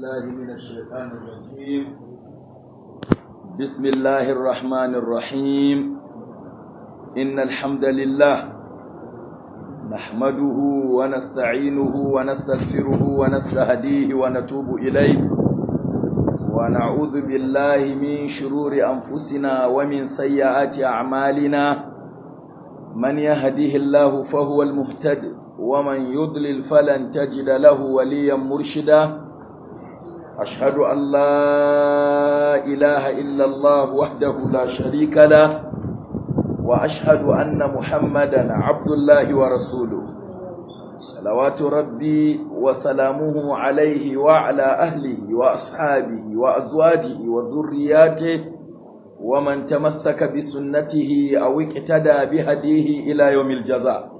بالله من الشيطان الرجيم بسم الله الرحمن الرحيم إن الحمد لله نحمده ونستعينه ونستغفره ونستهديه ونتوب إليه ونعوذ بالله من شرور أنفسنا ومن سيئات أعمالنا من يهديه الله فهو المهتد ومن يضلل فلن تجد له وليا مرشدا أشهد أن لا إله إلا الله وحده لا شريك له وأشهد أن محمدا عبد الله ورسوله صلوات ربي وسلامه عليه وعلى أهله وأصحابه وأزواجه وذرياته ومن تمسك بسنته أو اقتدى بهديه إلى يوم الجزاء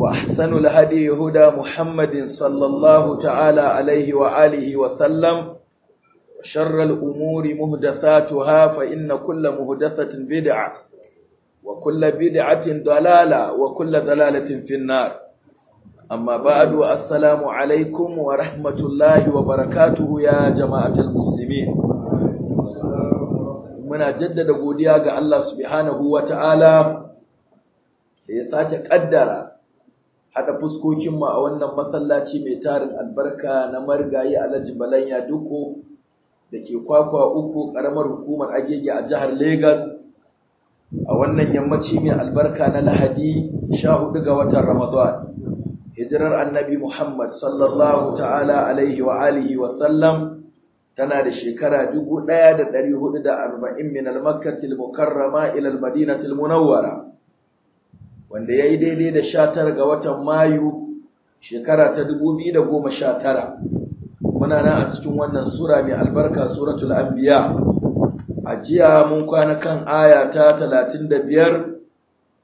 وأحسن الهدي هدى محمد صلى الله تعالى عليه وآله وسلم وشر الأمور مهدثاتها فإن كل مهدثة بدعة وكل بدعة ضلالة وكل ضلالة في النار أما بعد السلام عليكم ورحمة الله وبركاته يا جماعة المسلمين muna jaddada godiya ga Allah subhanahu wa ta'ala da ya sake ƙaddara haɗa fuskokinmu a wannan masallaci mai tarin albarka na margayi alhaji balanya duko da ke kwakwa uku ƙaramar hukumar agege a jihar Legas a wannan yammaci mai albarka na lahadi sha hudu ga watan ramadan hijirar annabi muhammad sallallahu ta'ala alaihi wa alihi wa sallam tana da shekara dubu ɗaya da ɗari hudu da arba'in min almakkatil mukarrama ila madinatil munawwara wanda ya yi daidai da sha tara ga watan Mayu shekara ta dubu biyu da goma sha tara. Muna nan a cikin wannan Sura mai albarka Suratul Anbiya. A jiya mun kwana kan aya ta talatin da biyar,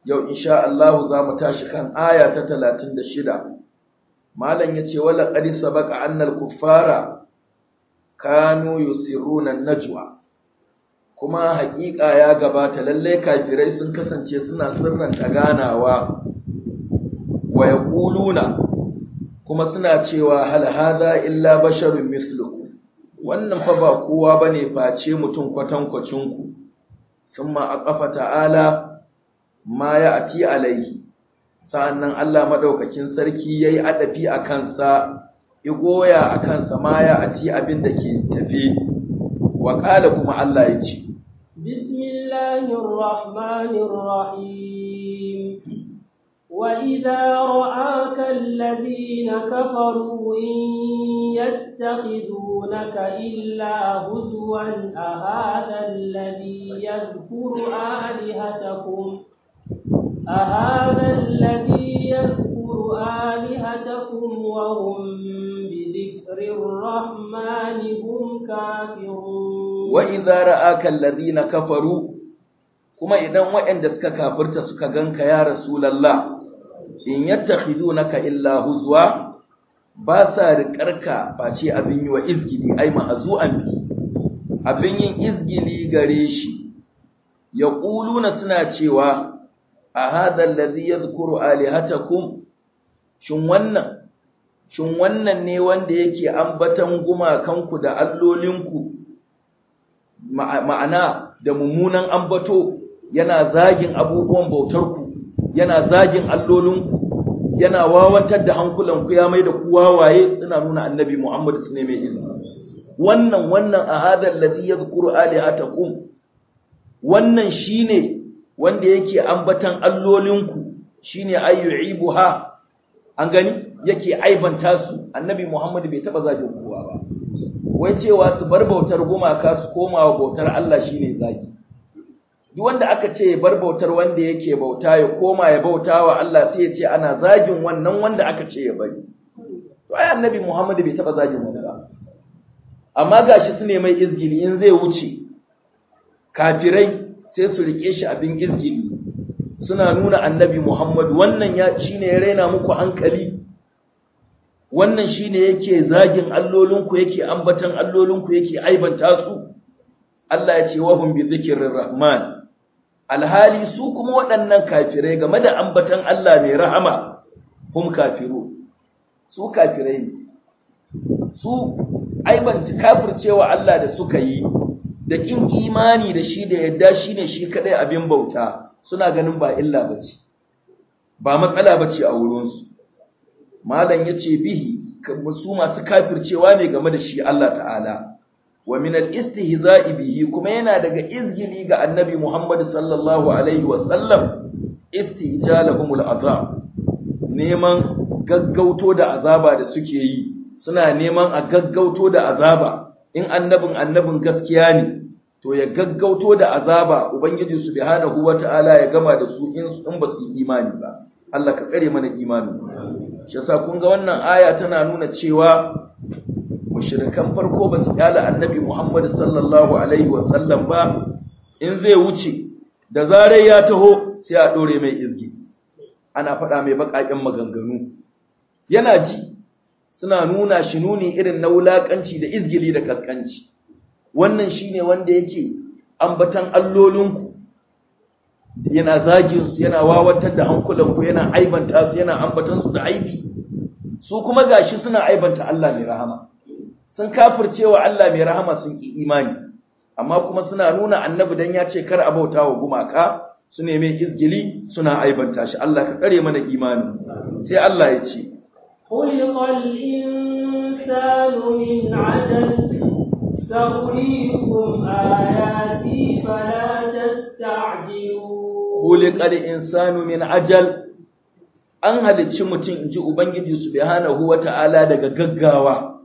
yau insha Allahu za mu tashi kan aya ta talatin da shida. Malam ya ce, Wala ƙari sabaka annal kuffara kanu na najwa. kuma haƙiƙa ya gabata lalle kafirai sun kasance suna ta ganawa wa yaquluna kuma suna cewa hal hadha illa basharun mislukum wannan fa ba kowa bane face mutum kwatankwacin ku thumma aqafa ta'ala ma ya'ti alaihi sa'annan Allah madaukakin sarki yayi adafi akan sa igoya akan sa ma ya'ti abin da ke tafi wa qala kuma Allah ya ce bismillahir rahmanir rahim wa idza ra'aka alladhina kafaru yattakhidunaka illa huzwan ahadha alladhi yadhkuru alihatakum أهذا الذي يذكر آلهتكم وهم للرحمن هم كافرون وإذا رآك الذين كفروا kuma idan waɗanda suka kafirta suka gan ganka ya rasulullah in yattakhidunaka illa huzwa ba sa rikarka face abin yi wa izgili ai ma'azu'an bi abin yin izgili gare shi yaquluna suna cewa a hadha alladhi yadhkuru alihatakum shin wannan shin wannan ne wanda yake ambatan gumakanku da allolinku ma'ana da mummunan ambato yana zagin abubuwan bautarku yana zagin allolinku yana wawantar da hankulanku ya mai da ku wawaye suna nuna annabi Muhammad su ne mai ilmi wannan wannan a hadha alladhi yadhkuru alihatakum wannan shine wanda yake ambatan allolinku shine ayyuibuha an gani yake aibanta su annabi Muhammad bai taba zagin kowa ba wai cewa su bar bautar gumaka su koma wa bautar Allah shine zagi duk wanda aka ce bar bautar wanda yake bauta ya koma ya bautawa wa Allah sai ya ce ana zagin wannan wanda aka ce ya bari to ai annabi Muhammad bai taba zagin wani ba amma gashi su ne mai izgili in zai wuce kafirai sai su rike shi abin izgili suna nuna annabi Muhammad wannan ya shine ya raina muku hankali wannan shi ne yake zagin allolinku yake ambatan allolinku yake aibanta su Allah ya ce wahum bi zikirin rahman alhali su kuma waɗannan kafirai game da ambatan Allah mai rahama hum kafiru su kafirai ne su aibanta kafircewa Allah da suka yi da kin imani da shi da yadda shi ne shi kadai abin bauta suna ganin ba illa bace ba matsala bace a wurinsu malam yace bihi su masu kafircewa ne game da shi Allah ta'ala wa min al-istihza'i bihi kuma yana daga izgili ga annabi Muhammad sallallahu alaihi wa sallam al azab neman gaggauto da azaba da suke yi suna neman a gaggauto da azaba in annabin annabin gaskiya ne to ya gaggauto da azaba ubangiji subhanahu wataala ya gama da su in ba su imani ba Allah ka kare mana imanin shi kun ga wannan aya tana nuna cewa mushrikan farko ba su kyala annabi Muhammad sallallahu alaihi wasallam ba in zai wuce da zarar ya taho sai a dore mai izgi ana faɗa mai baƙaƙen maganganu yana ji suna nuna shi nuni irin na wulaƙanci da izgili da kaskanci wannan shine wanda yake ambatan allolinku yana zaginsu, yana wawatar da hankulan ku yana aibanta su yana ambatan su da aibi su kuma gashi suna aibanta Allah mai rahama sun kafircewa Allah mai rahama sun ki imani amma kuma suna nuna annabi dan ya ce kar a bauta wa gumaka su neme izgili suna aibanta shi Allah ka kare mana imani sai Allah ya ce khuliqal insanu min ajal sa'uriikum ayati fala tasta'jilu khuliqal insanu min ajal an halicci mutum inji ubangiji subhanahu wata'ala daga gaggawa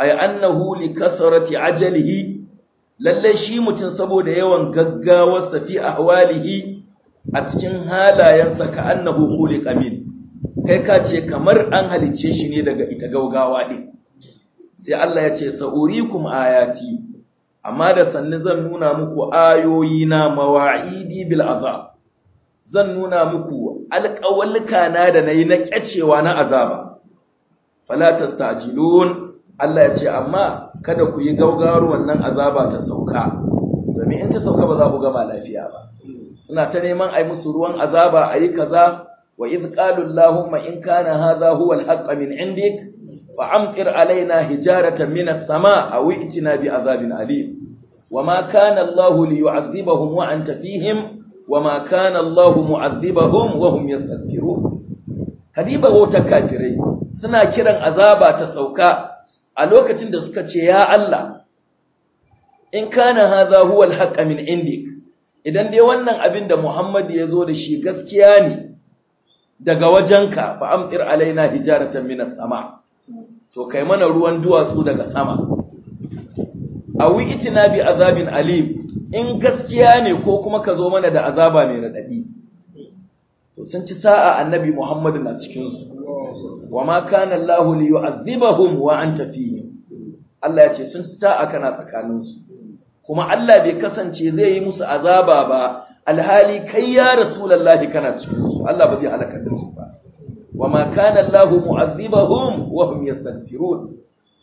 ay annahu li ajalihi lalle shi mutum saboda yawan gaggawarsa fi ahwalihi a cikin halayensa ka annahu khuliqa min kai ka ce kamar an halicce shi ne daga ita gaugawa din sai Allah ya ce sa'urikum ayati amma da sanni zan nuna muku ayoyi na mawa'idi bil azab zan nuna muku alƙawalluka na da nayi na ƙyacewa na azaba fala tastajilun Allah ya ce amma kada ku yi gaugawar wannan azaba ta sauka domin in ta sauka ba za ku gama lafiya ba suna ta neman ai musu ruwan azaba a yi kaza wa idh qalu allahumma in kana haza huwa alhaq min indik fa amtir alaina hijarata min as-samaa aw bi azabin alim wa ma kana li liyu'adhibahum wa anta fihim wa ma kana Allah mu'adhibahum wa hum yastaghfirun kadiba wata kafirai suna kiran azaba ta sauka a lokacin da suka ce ya Allah in kana hadha huwa al-haqq min indik idan dai wannan abin da Muhammad ya zo da shi gaskiya ne daga wajenka fa amtir alaina hijaratan minas sama to kai mana ruwan duwatsu daga sama awi itina bi azabin alim in gaskiya ne ko kuma ka zo mana da azaba mai raɗaɗi to sun ci sa'a annabi Muhammadu na cikinsu wa ma kana Allahu li yu'adhibahum wa anta fihim Allah ya ce sun ci sa'a kana tsakaninsu kuma Allah bai kasance zai yi musu azaba ba alhali kai ya rasulullahi kana cikinsu Allah ba zai halaka da su ba wa ma kana Allahu mu'adhibahum wa hum yastaghfirun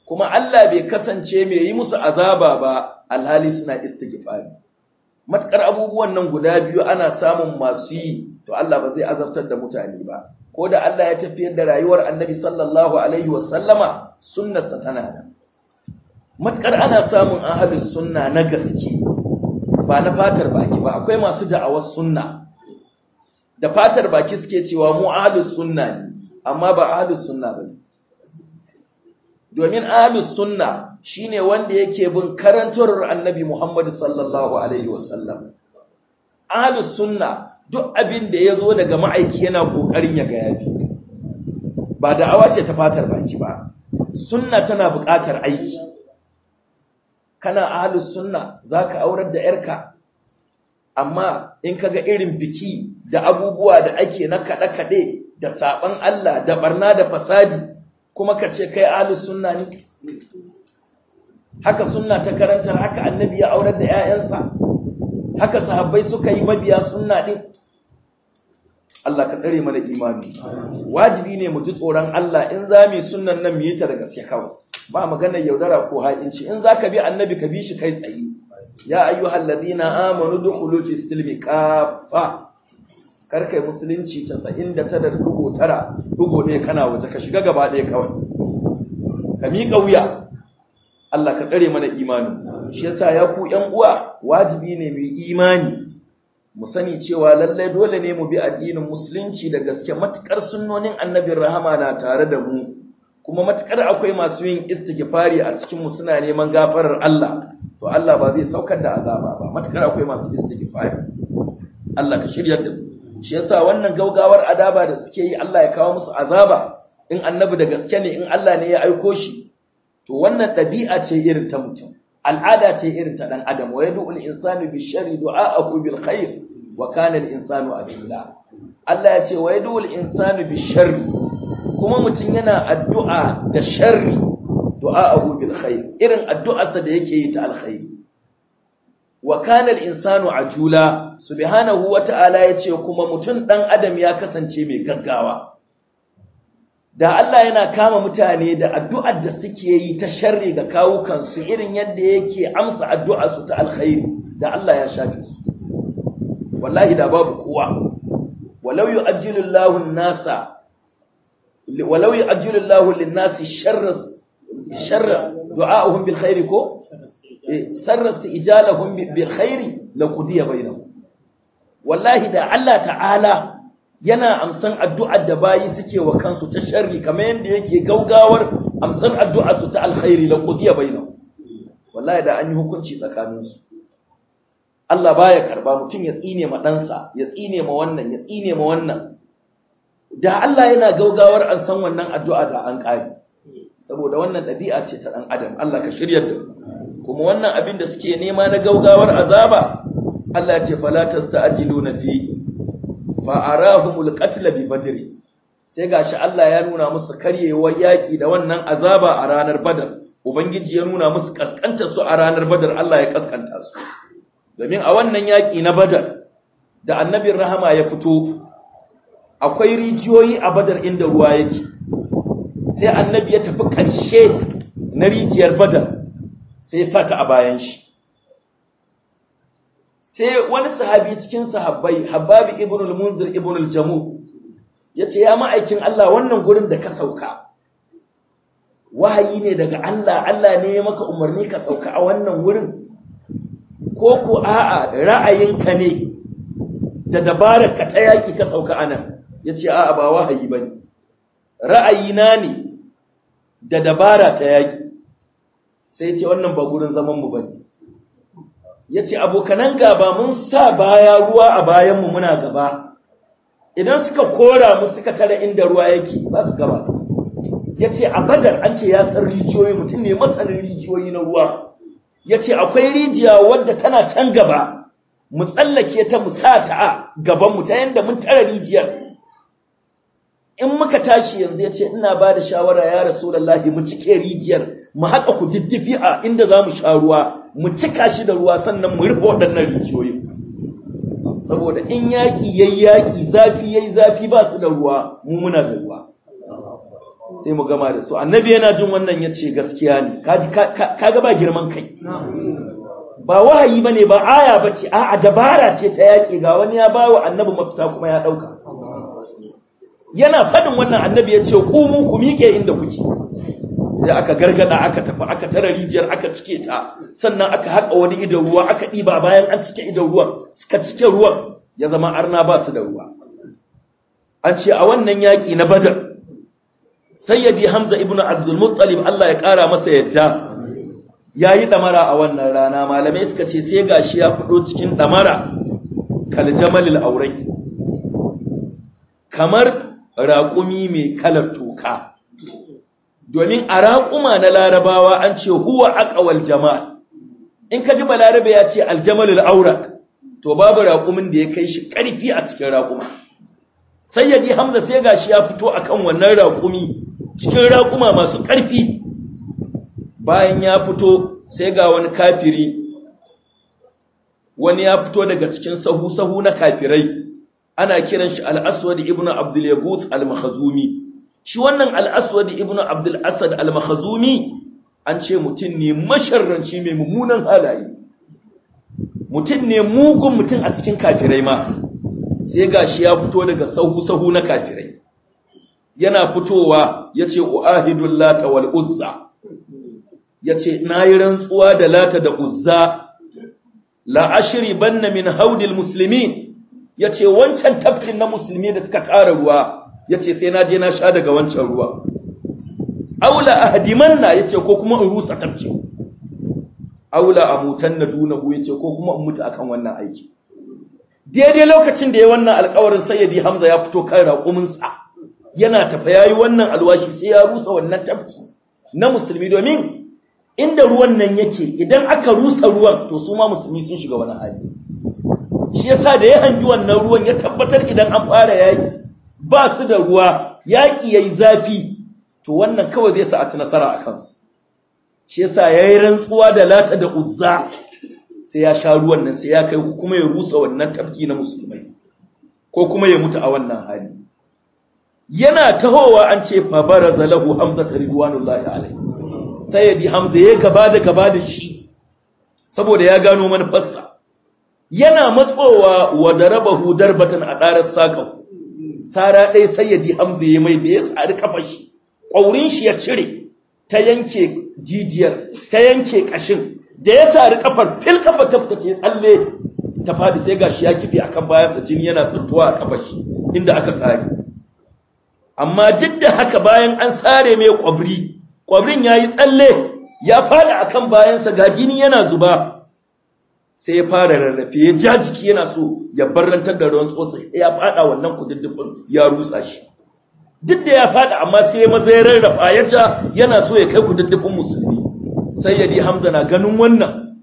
kuma Allah bai kasance mai yi musu azaba ba alhali suna istighfari matkar abubuwan nan guda biyu ana samun masu yi to Allah ba zai azabtar da mutane ba ko da Allah ya tafiyar da rayuwar Annabi sallallahu alaihi wa sallama sa tana nan matkar ana samun ahlus sunna na gaske ba na fatar baki ba akwai masu da'awar sunna da fatar baki suke cewa mu ahlus sunna ne amma ba ahlus sunna bane domin ahlus sunna shine wanda yake bin karantar annabi Muhammad sallallahu alaihi wasallam ahlus sunna duk abin da yazo daga ma'aiki yana kokarin ya ga yafi ba da awace ta fatar baki ba sunna tana buƙatar aiki kana ahlus sunna zaka aurar da yarka amma in kaga irin biki da abubuwa da ake na kaɗe-kaɗe da saɓan Allah da barna da fasadi kuma ka ce kai ahlus sunna ne haka sunna ta karanta haka annabi ya aurar da 'ya'yansa haka sahabbai suka yi mabiya sunna din Allah ka tsare mana imani wajibi ne mu ji tsoron Allah in za mu yi sunnan nan mu yi ta da gaske kawai ba maganar yaudara ko ha'inci in za ka bi annabi ka bi shi kai tsaye ya ayyuhal ladina amanu dukhulu fi silmi kafa karkai musulunci ta casa'in da tara dugo tara dugo ɗaya kana waje ka shiga gaba ɗaya kawai ka miƙa wuya Allah ka tsare mana imani shi yasa ya ku ƴan uwa wajibi ne mu imani mu sani cewa lallai dole ne mu bi addinin musulunci da gaske matukar sunnonin annabin rahama na tare da mu kuma matukar akwai masu yin istighfari a cikin mu suna neman gafarar Allah to Allah ba zai saukar da azaba ba matukar akwai masu istighfari Allah ka shirya da mu shi yasa wannan gaugawar adaba da suke yi Allah ya kawo musu azaba in annabi da gaske ne in Allah ne ya aiko shi to wannan ɗabi'a ce irin ta mutum al'ada ce irin ta ɗan adam wa yad'u al-insanu bi-sharri du'a'ahu bil-khair wa kana al-insanu abila Allah ya ce wa yad'u al-insanu bi-sharri kuma mutum yana addu'a da sharri du'a'ahu bil-khair irin addu'arsa da yake yi ta alkhair wa kana al-insanu ajula subhanahu wa ta'ala yace kuma mutun dan adam ya kasance mai gaggawa da Allah yana kama mutane da addu'ar da suke yi ta sharri ga kawukan su irin yadda yake amsa addu'ar su ta alkhairi da Allah ya shafe su wallahi da babu kowa walau yu'ajjilu Allahu an-nasa walau yu'ajjilu Allahu lin-nasi sharra sharra du'a'uhum bil khairi ko sarrafta ijalahum bil khairi la qudiya bainahum wallahi da Allah ta'ala yana amsan addu'ar da bayi suke wa kansu ta sharri kamar yadda yake gaugawar amsan addu'ar su ta alkhairi la qudiya bainahum wallahi da an yi hukunci tsakaninsu Allah baya karba mutum ya tsine ma ɗansa ya tsine ma wannan ya tsine ma wannan da Allah yana gaugawar an san wannan addu'a da an ƙari saboda wannan ɗabi'a ce ta ɗan adam Allah ka shirya da kuma wannan abin da suke nema na gaugawar azaba Allah ce fala tasta'jiluna fi fa arahumul qatl bi badri sai gashi Allah ya nuna musu karyewar yaki da wannan azaba a ranar badar ubangiji ya nuna musu kaskantar su a ranar badar Allah ya kaskanta su domin a wannan yaki na badar da annabin rahama ya fito akwai rijiyoyi a badar inda ruwa yake sai annabi ya tafi ƙarshe na rijiyar badar sai ya sata a bayan shi sai wani sahabi cikin sahabbai habbabi ibnul al-munzir ibn al-jamu yace ya ma'aikin Allah wannan gurin da ka sauka wahayi ne daga Allah Allah ne ya maka umarni ka sauka a wannan wurin ko ko a'a ra'ayinka ne da dabarar ka ta yaki ka sauka anan yace a'a ba wahayi bane ra'ayina ne da dabara ta yaki sai ce wannan ba gurin zaman mu bane yace ce abokanan gaba mun sa baya ruwa a bayan mu muna gaba idan suka kora mu suka tara inda ruwa yake ba su gaba ya ce a badar an ce ya san rijiyoyi mutum ne matsan rijiyoyi na ruwa yace akwai rijiya wadda tana can gaba mu tsallake ta mu sa ta a gabanmu ta yadda mun tara rijiyar in muka tashi yanzu ya ce ina ba da shawara ya rasu rasulallahi mu cike rijiyar mu haka ku diddifi a inda za mu sha ruwa mu cika shi da ruwa sannan mu rufe waɗannan rijiyoyi saboda in yaƙi yayi yaƙi zafi ya zafi ba su da ruwa mu muna da ruwa sai mu gama da su annabi yana jin wannan ya ce gaskiya ne ka ga ba girman kai ba wahayi bane ba aya ce. a'a dabara ce ta yaƙi ga wani ya bawa annabi mafita kuma ya ɗauka yana faɗin wannan annabi ya ce ƙumu ku miƙe inda kuke sai aka gargada aka tafi aka tara rijiyar aka cike ta sannan aka haƙa wani idan ruwa aka ɗiba bayan an cike idan ruwan suka cike ruwan ya zama arna ba su da ruwa an ce a wannan yaki na badar sayyadi hamza ibnu abdul muttalib Allah ya ƙara masa yadda yayi yi ɗamara a wannan rana malamai suka ce sai gashi ya fito cikin ɗamara kaljamalil aurai kamar raƙumi mai kalar toka domin a raƙuma na larabawa an ce huwa aƙawal jama'a. in ka ji balarabe ya ce aljamalul aurak to babu raƙumin da ya kai shi ƙarfi a cikin raƙuma sai yaji hamza sai ga shi ya fito akan wannan raƙumi cikin raƙuma masu ƙarfi bayan ya fito sai ga wani kafiri wani ya fito daga cikin sahu sahu na kafirai ana kiran shi al-aswad ibn abdul yagut al shi wannan al-aswad ibn abdul asad al-makhzumi an ce mutum ne masharranci mai mummunan halaye mutum ne mugun mutum a cikin kafirai ma sai gashi ya fito daga sahu sahu na kafirai yana fitowa yace uahidul lata wal uzza yace nayi rantsuwa da lata da uzza la ashri banna min haudil muslimin ya ce wancan tafkin na musulmi da suka ƙara ruwa ya ce sai na je na sha daga wancan ruwa aula a na, ya ce ko kuma in rusa tafkin aula a mutan na dunahu ya ce ko kuma in mutu akan wannan aiki daidai lokacin da ya wannan alkawarin sayyadi hamza ya fito kan raƙuminsa yana tafa ya yi wannan alwashi sai ya rusa wannan tafki na musulmi domin inda ruwan nan yake idan aka rusa ruwan to su ma musulmi sun shiga wani hali shi yasa da ya hangi wannan ruwan ya tabbatar idan an fara yaki ba su da ruwa yaki yayi zafi to wannan kawai zai sa a ci nasara a kansu shi yasa yayi rantsuwa da lata da uzza sai ya sha ruwan nan sai ya kai kuma ya rusa wannan tafki na musulmai ko kuma ya mutu a wannan hali yana tahowa an ce fa baraza lahu hamza ridwanullahi alaihi sai ya bi hamza ya gaba da gaba da shi saboda ya gano manufarsa yana matsowa wa hudar darbatan a darar sakau sara sai sayyidi hamza ya mai da ya tsari kafa shi ƙaurin shi ya cire ta yanke jijiyar ta yanke ƙashin, da ya tsari kafar fil kafa ta fita ke tsalle ta fadi sai shi ya kife kan bayansa jini yana tsuntuwa a kafa shi inda aka tsari amma duk da haka bayan an tsare mai ƙwabri, ƙwabrin ya yi tsalle ya fada akan bayansa ga jini yana zuba sai ya fara rarrafe ya ja jiki yana so ya barrantar da ruwan tsotsi ya fada wannan kududdufin ya rusa shi duk da ya fada amma sai ya maza ya rarrafa ya ja yana so ya kai kududdufin musulmi sai ya di hamza na ganin wannan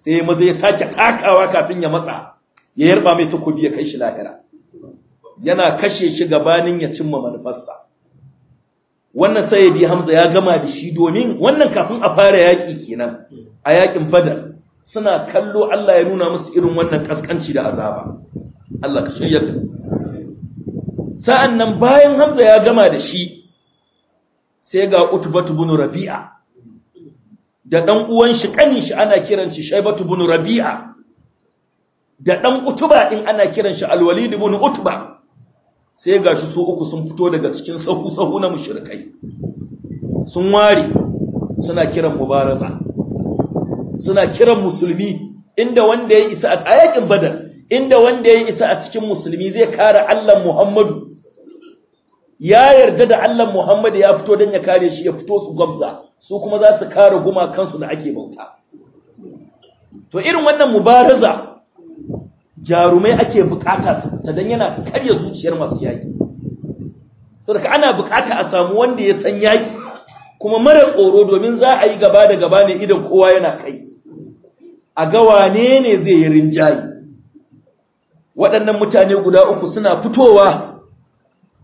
sai ya maza ya sake takawa kafin ya matsa ya yarba mai takobi ya kai shi lahira yana kashe shi gabanin ya cimma manufarsa wannan sayyidi hamza ya gama da shi domin wannan kafin a fara yaki kenan a yakin badar suna kallo Allah ya nuna musu irin wannan kaskanci da azaba Allah ka shirya da sa'an nan bayan hamza ya gama da shi sai ga utubatu bin rabi'a da ɗan uwan shi ƙanin shi ana kiran shi shaibatu bin rabi'a da ɗan utuba in ana kiran shi alwalid bin utuba sai ga shi su uku sun fito daga cikin sahu sahu na mushrikai sun ware suna kiran mubaraza suna kiran musulmi inda wanda ya isa a yakin badar inda wanda ya isa a cikin musulmi zai kare Allah Muhammadu ya yarda da Allah Muhammadu ya fito don ya kare shi ya fito su gwamza su kuma za su kare gumakansu da ake bauta to irin wannan mubaraza jarumai ake bukata su ta don yana karya zuciyar masu yaki to daga ana bukata a samu wanda ya san yaki kuma mara tsoro domin za a yi gaba da gaba ne idan kowa yana kai a ga wane ne zai yi rinjayi waɗannan mutane guda uku suna fitowa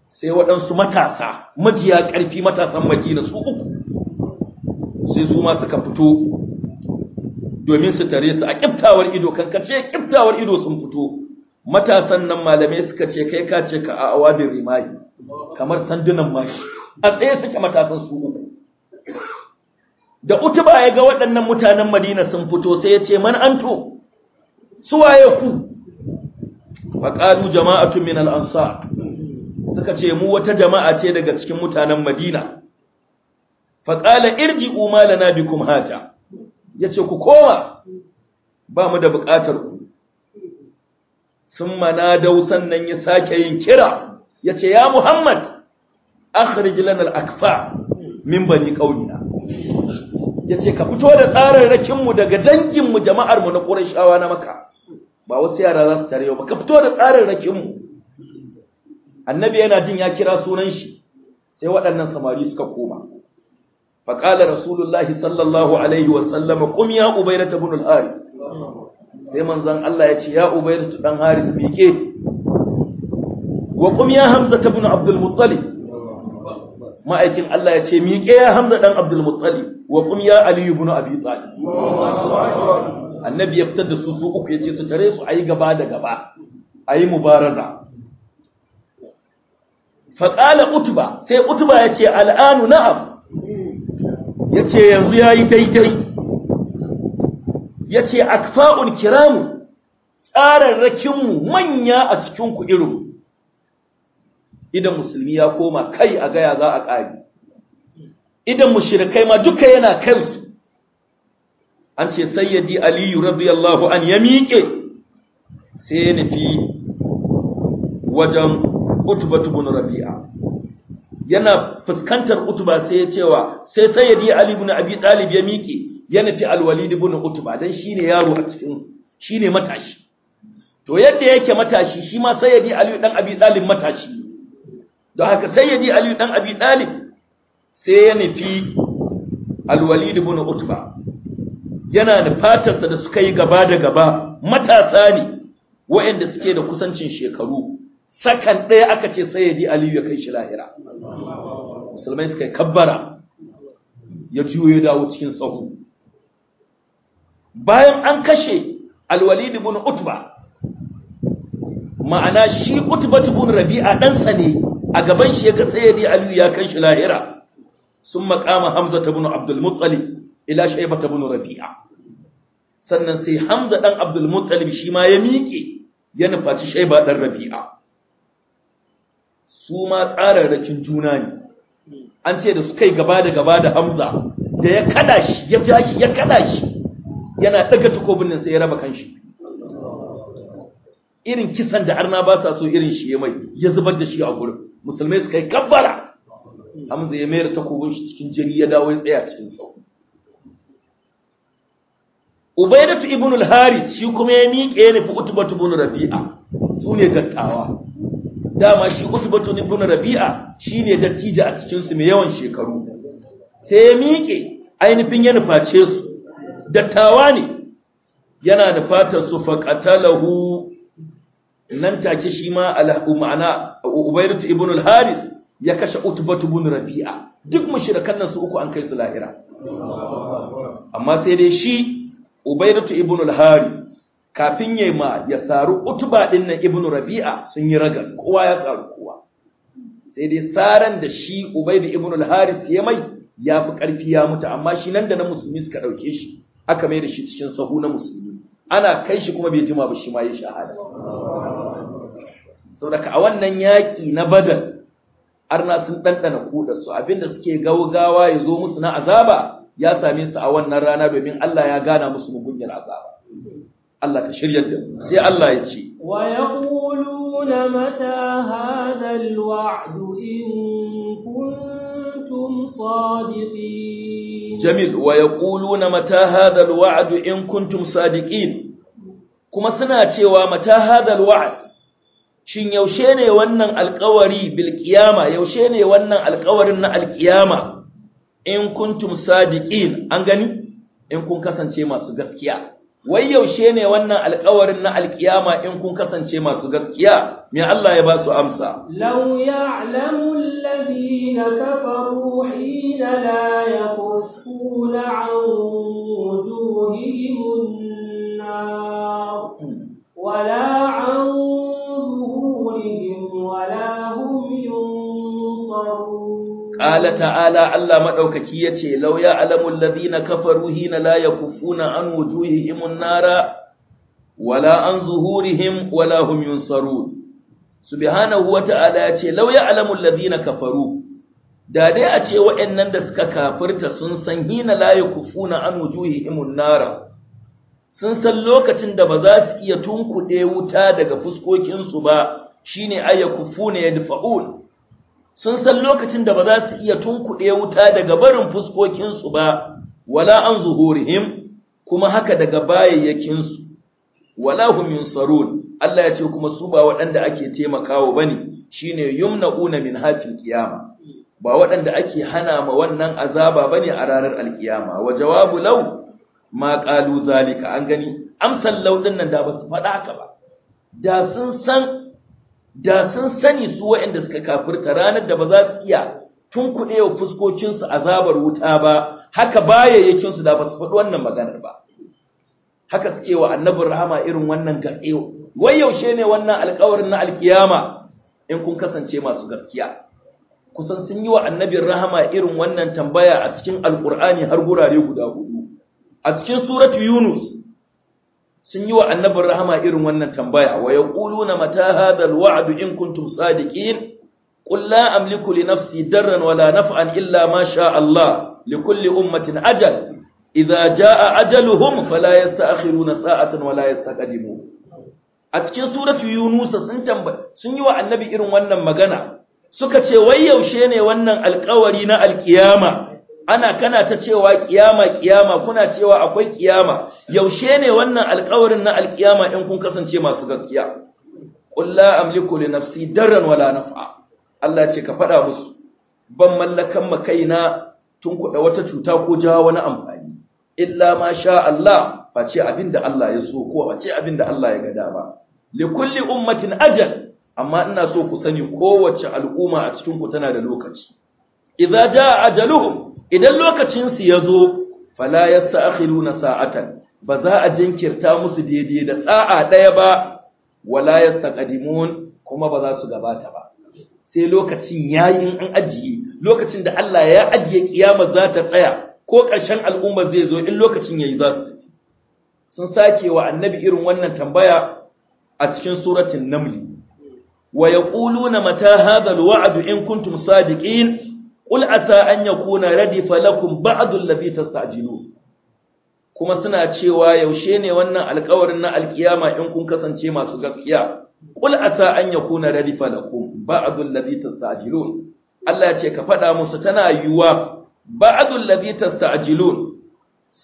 sai waɗansu matasa majiya ƙarfi matasan madina su uku sai su ma suka fito domin su tare su a ƙiftawar ido kankace ƙiftawar ido sun fito matasan nan malamai suka ce kai ka ce ka a awadin rimari kamar sandunan mashi a tsaye suke matasan su da utuba ya ga waɗannan mutanen madina sun fito sai ya ce man antu suwaye ku faƙalu jama'atun min ansa suka ce mu wata jama'a ce daga cikin mutanen madina faƙala irji umala na bi kuma hata ya ce ku koma ba mu da buƙatar ku sun mana dausan nan ya sake yin kira ya ce ya muhammad akhrij lana al-akfa min bani qaulina ya ce ka fito da tsararrakinmu daga danginmu jama'armu na ƙurashawa na maka ba wasu yara za su tare yau ba ka fito da tsararrakinmu annabi yana jin ya kira sunan shi sai waɗannan samari suka koma faƙala rasulullahi sallallahu alaihi sallama, kum ya ubaira ta bunul haris sai manzan Allah ya ce ya ubaira ta ɗan haris miƙe wa kum ya hamza ta abdul muttalib ma'aikin Allah ya ce miƙe ya Hamza ɗan Abdul wa qum ya Ali ibn Abi Talib annabi ya fitar da su su uku ce su tare su ayi gaba da gaba ayi mubaraza fa qala utba sai utba yace al'anu na'am ce yanzu yayi daidai ce akfa'ul kiramu tsararrakin mu manya a cikin ku irin idan musulmi ya koma kai a gaya za a ƙari idan mushrikai ma duka yana kansu an ce sayyidi aliyu radiyallahu an ya miƙe sai ya nufi wajen utuba tubun rabi'a yana fuskantar utuba sai ya cewa sai sayyidi ali ibn abi talib ya miƙe ya nufi alwalid ibn utuba dan shine yaro a cikin shine matashi to yadda yake matashi shi ma sayyidi ali dan abi talib matashi don haka ji ali ɗan abi talib sai ya nufi da bunu utba yana da fatarsa da suka yi gaba da gaba matasa ne wayanda suke da kusancin shekaru sakan ɗaya aka ce sai ya ji ali ya kai shi lahira musulmai suka yi kabbara ya juyo ya dawo cikin tsaho bayan an kashe alwalid ibn utba ma'ana shi utba ibn rabi'a dan sa ne a gaban shi ya ga sayyidi aliyu ya kan shi lahira sun makama hamza ta bunu abdulmuttalib ila shaiba ta bunu rabi'a sannan sai hamza ɗan abdulmuttalib shi ma ya miƙe ya nufaci shaiba ɗan rabi'a su ma tsararrakin juna ne an ce da su kai gaba da gaba da hamza da ya kada shi ya ja shi ya kada shi yana ɗaga takobin nan sai ya raba kanshi irin kisan da arna ba sa so irin shi mai ya zubar da shi a gurin musulmai suka yi kabbara hamza ya mayar takobin shi cikin jini ya dawo ya tsaya cikin sau ubaidatu ibn al hari shi kuma ya miƙe ya nufi utubatu ibn rabi'a su ne dattawa dama shi utubatu ibn rabi'a shine dattijo a cikin su mai yawan shekaru sai ya miƙe ainihin ya nuface su dattawa ne yana da fatan su faƙata lahu nan take shi ma ma'ana Ubayratu ibn al haris ya kashe Utbatu ibn Rabi'a duk mushrikan nan su uku an kai su lahira amma sai dai shi Ubayratu ibn al haris kafin yayi ma ya saru Utba din nan ibn Rabi'a sun yi ragas kowa ya saru kowa sai dai saran da shi Ubaydu ibn al haris ya mai ya fi karfi ya mutu amma shi nan da na musulmi suka dauke shi aka mai da shi cikin sahu na musulmi ana kai shi kuma bai jima ba shi ma ya shahada saboda a wannan yaƙi na badal arna sun ɗanɗana kudarsu abinda suke gaugawa ya zo musu na azaba ya same su a wannan rana domin Allah ya gana musu mugunyar azaba Allah ka shirya da mu sai Allah ya ce wa yaquluna mata hadha alwa'd in kuntum sadiqin jamil wa yaquluna mata hadha alwa'd in kuntum sadiqin kuma suna cewa mata hadha alwa'd shin yaushe ne wannan alƙawari bil qiyama yaushe ne wannan alƙawarin na alƙiyama in kuntum sadiqin an gani in kun kasance masu gaskiya wai yaushe ne wannan alƙawarin na alƙiyama in kun kasance masu gaskiya me Allah ya ba su amsa law ya'lamu alladhina kafaru hina la yaqsuna 'an wujuhihim an-nar wa la 'an Ƙala ta'ala Allah maɗaukaki ya ce, Lauya alamun lazina kafaru hina la kufuna an imun nara, wala an zuhurihim wala hum saru. Subhanahu wa ta'ala ya ce, Lauya alamun lazina kafaru, da dai a ce waɗannan da suka kafirta sun san hina la kufuna an imun nara, sun san lokacin da ba za su iya tunkuɗe wuta daga fuskokinsu ba, shine ayakufuna yadfa'un. sun san lokacin da ba za su iya tunkuɗe wuta daga barin fuskokinsu ba wala an zuhurihim kuma haka daga bayayyakinsu wala hum yunsarun Allah ya ce kuma su ba waɗanda ake taimakawa bane shine yumnauna min hafil ƙiyama. ba waɗanda ake hana ma wannan azaba bane a ranar alkiyama wa jawabu law ma qalu zalika an gani Amsan launin nan da ba su faɗa ka ba da sun san da sun sani su waɗanda suka kafirta ranar da ba za su iya tun kuɗe wa fuskokinsu azabar wuta ba haka su da ba su faɗi wannan maganar ba haka suke wa annabin rahama irin wannan garɗewa wai yaushe ne wannan alƙawarin na alkiyama in kun kasance masu gaskiya kusan sun yi wa annabin rahama irin wannan tambaya a cikin alƙur'ani har gurare guda hudu a cikin suratu yunus sun yi wa annabin rahama irin wannan tambaya wa yaquluna mata hadha alwa'd in kuntum sadiƙin ƙulla la amliku li nafsi darran wala naf'an illa ma sha Allah li kulli ummatin ajal idza jaa ajaluhum fala yasta'khiruna sa'atan wala yastaqdimun a cikin suratu yunus sun sun yi wa annabi irin wannan magana suka ce wai yaushe ne wannan alƙawari na alkiyama ana kana ta cewa kiyama kiyama kuna cewa akwai kiyama yaushe ne wannan alƙawarin na alkiyama in kun kasance masu gaskiya qul la amliku li nafsi darran wala naf'a Allah ce ka faɗa musu ban mallakan ma kaina tun kuɗa wata cuta ko jawo wani amfani illa ma sha Allah face abinda Allah ya so ko face abinda Allah ya ga dama li kulli ummatin ajal amma ina so ku sani kowace al'umma a cikin ku tana da lokaci idza jaa ajaluhum idan lokacinsu ya zo fala ya sa'akhiru na sa'atan ba za a jinkirta musu daidai da sa'a ɗaya ba wala ya kuma ba za su gabata ba sai lokacin yayin an ajiye lokacin da Allah ya ajiye kiyama za ta tsaya ko ƙarshen al'umma zai zo in lokacin yayi za su sun sake wa annabi irin wannan tambaya a cikin suratin naml wa na mata hadha alwa'd in kuntum sadiqin qul asa an yakuna radi lakum ba'd allazi tastajilun kuma suna cewa yaushe ne wannan alƙawarin na alkiyama in kun kasance masu gaskiya qul asa an yakuna radi lakum ba'd allazi tastajilun Allah ya ce ka faɗa musu tana yiwuwa ba'd allazi tastajilun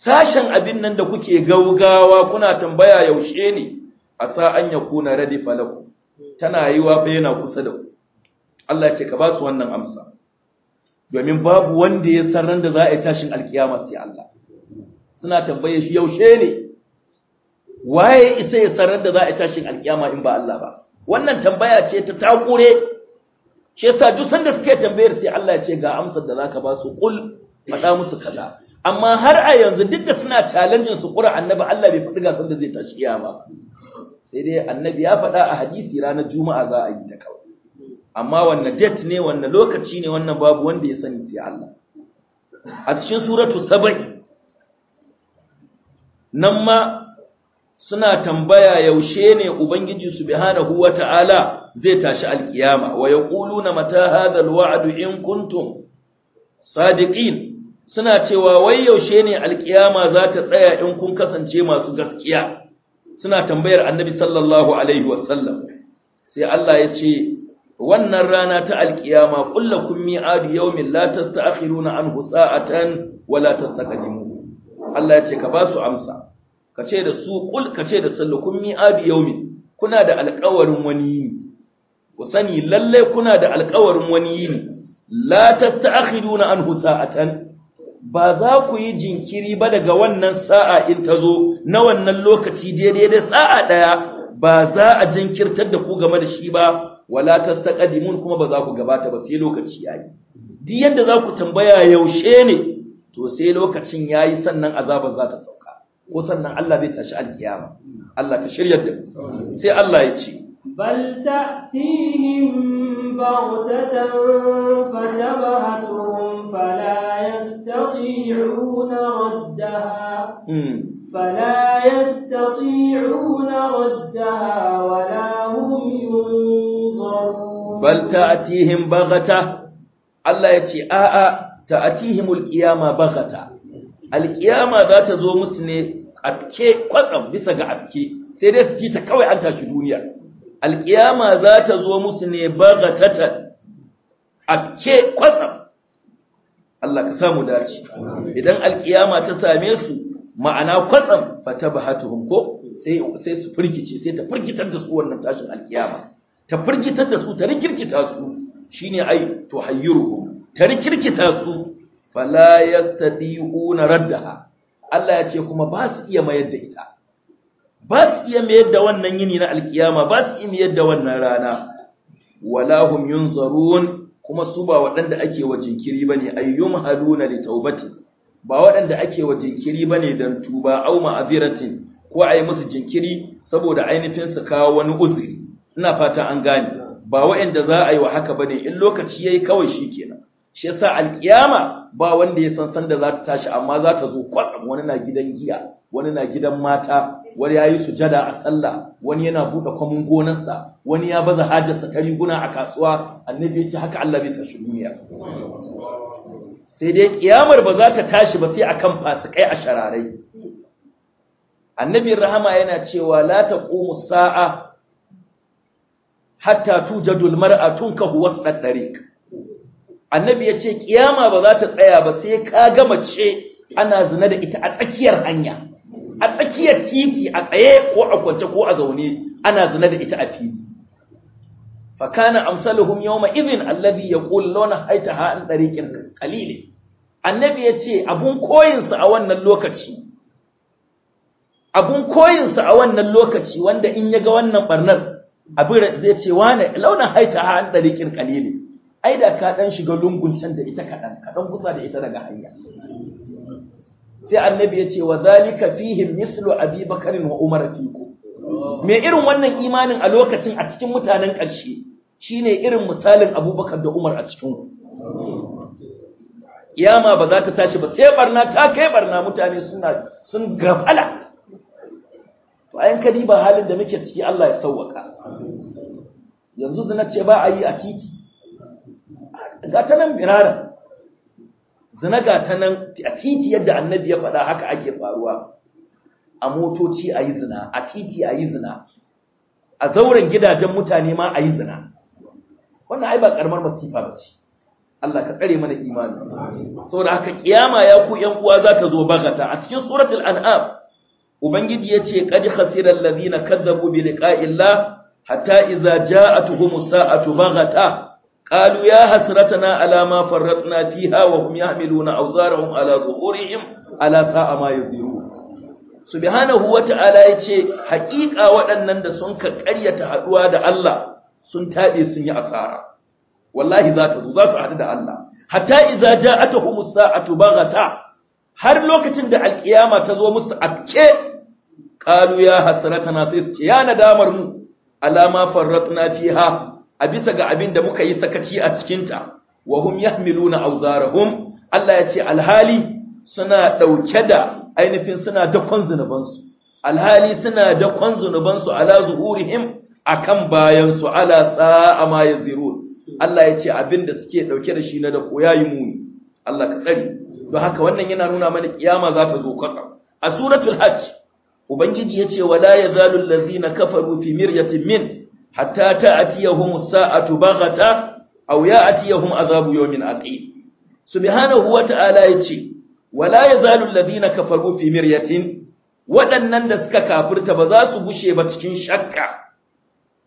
sashen abin nan da kuke gaugawa kuna tambaya yaushe ne asa an yakuna radi lakum tana yiwuwa ba yana kusa da ku Allah ya ce ka ba su wannan amsa domin babu wanda ya san ran da za a yi tashin alkiyama sai Allah suna tambaye shi yaushe ne waye isa ya san ran da za a yi tashin alkiyama in ba Allah ba wannan tambaya ce ta takure shi yasa duk sanda suke tambayar sai Allah ya ce ga amsar da zaka ba su kul faɗa musu kaza amma har a yanzu duk da suna challenging su ƙura annabi Allah bai faɗi gasar da zai tashi kiyama sai dai annabi ya faɗa a hadisi ranar juma'a za a yi ta kawai amma wannan date ne wannan lokaci ne wannan babu wanda ya sani sai Allah a cikin suratu saba'i nan ma suna tambaya yaushe ne ubangiji subhanahu wata'ala zai tashi alkiyama wa yaquluna mata hadha alwa'du in kuntum sadiqin suna cewa wai yaushe ne alkiyama za ta tsaya in kun kasance masu gaskiya suna tambayar annabi sallallahu alaihi wasallam sai Allah ya ce wannan rana ta alkiyama kullu kum mi'adu yawmin la tasta'khiruna anhu sa'atan wa la tastaqdimu Allah ya ce ka ba su amsa ka ce da su kul ka ce da sallu kum mi'adu yawmin kuna da alƙawarin wani yini ku sani lalle kuna da alƙawarin wani yini la tasta'khiruna anhu sa'atan ba za ku yi jinkiri ba daga wannan sa'a in ta zo na wannan lokaci daidai da sa'a daya ba za a jinkirtar da ku game da shi ba wala tastaqdimun kuma ba za ku gabata ba sai lokaci yayi duk yadda za ku tambaya yaushe ne to sai lokacin yayi sannan azabar za ta sauka ko sannan Allah zai tashi alkiyama Allah ka shiryar da mu sai Allah ya ce bal ta'tihim baghtatan fatabahatuhum fala yastati'una raddaha hmm. fala yastati'una raddaha wala hum yun bal ta'atihim baghata Allah ya ce a'a ta'atihimul qiyama baghata alqiyama za ta zo musu ne afke kwatsam bisa ga afke sai dai su ci ta kawai an tashi duniya alqiyama za ta zo musu ne baghatatan afke kwatsam Allah ka samu dace idan alqiyama ta same su ma'ana kwatsam fatabahatuhum ko sai sai su firgice sai ta firgitar da su wannan tashin alqiyama ta firgitar da su ta rikirkita su Shi ne ai to hayyiruhum ta rikirkita su fala radda ha. Allah ya ce kuma ba su iya mayar da ita ba su iya mayar da wannan yini na alkiyama ba su iya mayar da wannan rana wala yun zarun kuma su ba waɗanda ake wa jinkiri ba ne, ayyum haluna li taubati ba waɗanda ake wa jinkiri ba bane don tuba au ma'aziratin ko yi musu jinkiri saboda ainihin su kawo wani uzuri ina fata an gane ba waɗanda za a yi wa haka ba ne in lokaci yayi kawai shikenan shi yasa alkiyama ba wanda ya san san da za ta tashi amma za ta zo kwatsam wani na gidan giya wani na gidan mata wani yayi sujada a sallah wani yana buɗe kwamin gonarsa wani ya baza hajarsa ta riguna a kasuwa annabi ya ce haka Allah bai tashi duniya sai dai kiyamar ba za ta tashi ba sai akan fasikai a shararai annabi rahama yana cewa la taqumu sa'a hatta tujadul a ka huwas dariq annabi yace kiyama ba za ta tsaya ba sai ka ga mace ana zina da ita a tsakiyar hanya a tsakiyar titi a tsaye ko a kwance ko a zaune ana zina da ita a fili Fakana kana amsaluhum yawma idhin alladhi yaqul lawna ha an tariqin qalil annabi yace abun koyin sa a wannan lokaci abun koyin sa a wannan lokaci wanda in ya ga wannan barnar abin zai ce wane launin haita ha an dalikin kalili ai da ka dan shiga lungun can da ita kaɗan kaɗan kusa da ita daga hanya sai annabi ya ce wa zalika fihim mislu abi bakarin wa umar fiku me irin wannan imanin a lokacin a cikin mutanen karshe shine irin misalin abubakar da umar a cikin ku kiyama ba za ta tashi ba sai barna ta kai barna mutane suna sun gafala to ayin kadi ba halin da muke ciki Allah ya sauwaka yanzu zina ce ba a yi a titi ga ta nan birara zina ga ta nan a titi yadda annabi ya faɗa haka ake faruwa a motoci a yi zina a titi a yi zina a zauren gidajen mutane ma a yi zina wannan ai ba karamar masifa ba ce Allah ka tsare mana imani saboda haka ƙiyama ya ku yan uwa za ta zo bagata a cikin suratul an'am ubangiji yace qad khasira allazina kadzabu bi liqa'illah hatta idza ja'atuhum sa'atu baghata qalu ya hasratana ala ma farratna fiha wa hum yahmiluna awzarahum ala zuhurihim ala sa'a ma yuzirun subhanahu wa ta'ala ce, haƙiƙa waɗannan da sun ka ƙaryata haduwa da Allah sun tabe sun yi asara wallahi za ta zo za su haɗu da Allah hatta idza ja'atuhum sa'atu baghata har lokacin da alƙiyama ta zo musu akke Kalu ya hasratana sai su ce ya nadamar mu alama farratna fiha a bisa ga abin da muka yi sakaci a cikin ta wa hum yahmiluna awzarahum Allah ya ce alhali suna dauke da ainihin suna dakon su. alhali suna dakon zunubansu ala zuhurihim akan bayan su ala sa'a ma yazirun Allah ya ce abin da suke dauke da shi na da yi muni Allah ka tsari. don haka wannan yana nuna mana kiyama za ta zo kwatsa a suratul hajj ubangiji yace wala yazalu allazina kafaru fi miryatin min hatta a as-sa'atu baghata a ya'tiyahum azabu yawmin aqim subhanahu wa ta'ala yace wala yazalu allazina kafaru fi miryatin waɗannan da suka kafirta ba za su bushe ba cikin shakka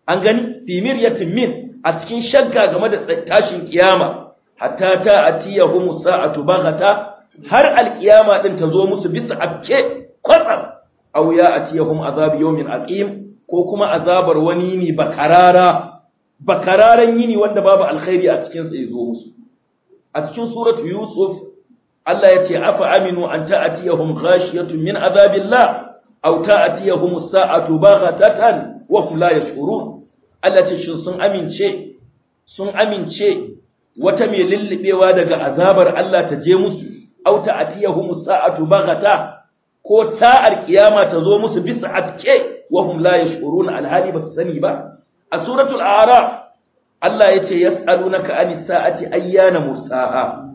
an gani fi miryatin min a cikin shakka game da tashin kiyama hatta ta'tiyahum as-sa'atu baghata har alkiyama ɗin ta zo musu bisa ake kwatsam aw ya atiyahum azab yawmin aqim ko kuma azabar wani ne bakarara bakararan yini wanda babu alkhairi a cikin sa yazo musu a cikin suratu yusuf Allah ya ce afa aminu an ta'atiyahum khashiyatun min azabillah aw ta'atiyahum as-sa'atu baghatatan wa hum la yash'urun Allah ce shin sun amince sun amince wata mai lullubewa daga azabar Allah ta je musu aw ta'atiyahum as-sa'atu baghata ko sa'ar kiyama ta zo musu bisa afke wa hum la yashuruna alhali ba su sani ba a suratul araf Allah yace yas'alunaka anis sa'ati ayyana musaha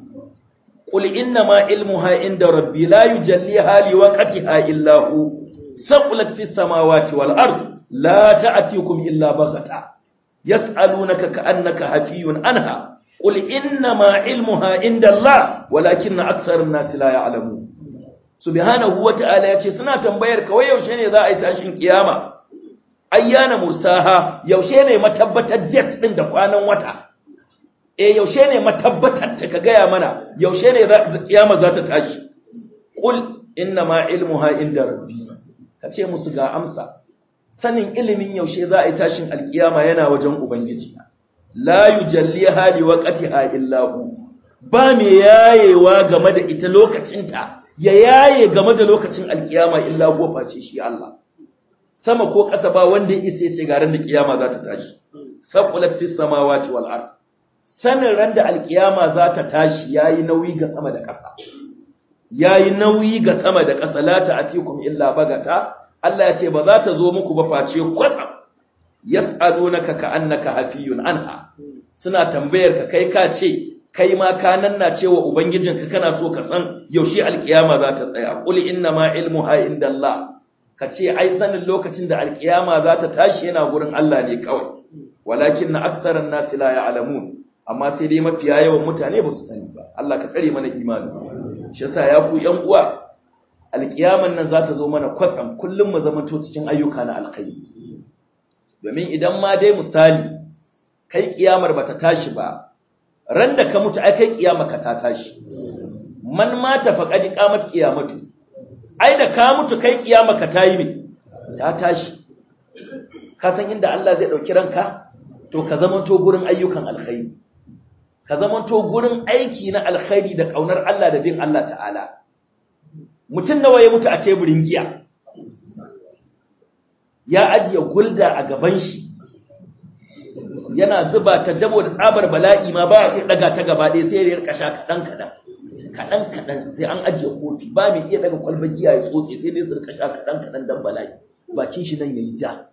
qul inna ma ilmuha inda rabbi la yujalliha liwaqtiha illa hu saqulat fis samawati wal ard la ta'tikum illa baghata yas'alunaka ka'annaka hafiyun anha qul inna ma ilmuha inda Allah walakinna aktharun nasi la ya'lamun subhanahu wata'ala ya ce suna tambayar kawai yaushe ne za a yi tashin kiyama ayyana mursaha yaushe ne matabbatar date din da kwanan wata eh yaushe ne matabbatar ta ka gaya mana yaushe ne kiyama za ta tashi qul inna ma ilmuha inda rabbi kace musu ga amsa sanin ilimin yaushe za a yi tashin alkiyama yana wajen ubangiji la yujalliha liwaqtiha illa hu ba me yayewa game da ita lokacinta ya yaye game da lokacin alkiyama illa huwa face shi Allah sama ko ƙasa ba wanda ya isa ce garin da kiyama za ta tashi saqulat fis samawati wal ard sanin ran da alkiyama za ta tashi yayi nauyi ga sama da ƙasa yayi nauyi ga sama da ƙasa la ta'atikum illa bagata Allah ya ce ba za ta zo muku ba face kwatsam yas'alunaka ka'annaka hafiyun anha suna tambayar ka kai ka ce kai ma ka nanna cewa ubangijinka kana so ka san yaushe alkiyama za ta tsaya qul inna ma ilmuha Allah. ka ce ai sanin lokacin da alkiyama za ta tashi yana gurin Allah ne kawai walakin na aksaran nasi la ya'lamun amma sai dai mafiya yawan mutane ba su sani ba Allah ka tsare mana imani shi yasa ya ku yan uwa alkiyaman nan za ta zo mana kwatsam kullum mu zamanto cikin ayyuka na alkhairi domin idan ma dai misali kai kiyamar bata tashi ba randa ka mutu ai kai kiyama ka ta tashi man mata faqad qamat qiyamatu ai da ka mutu kai kiyama ka tayi me ta tashi ka san inda Allah zai dauki ranka to ka zamanto gurin ayyukan alkhairi ka zamanto gurin aiki na alkhairi da kaunar Allah da bin Allah ta'ala mutum nawa ya mutu a teburin giya ya ajiye gulda a gaban shi yana zuba ta jabo da tsabar bala'i ma ba ya daga ta gaba ɗaya sai ya rika sha kaɗan kaɗan kaɗan kaɗan sai an ajiye kofi ba mai iya daga kwalba giya ya tsotse sai dai su rika sha kaɗan kaɗan dan bala'i bakin shi nan yayi ja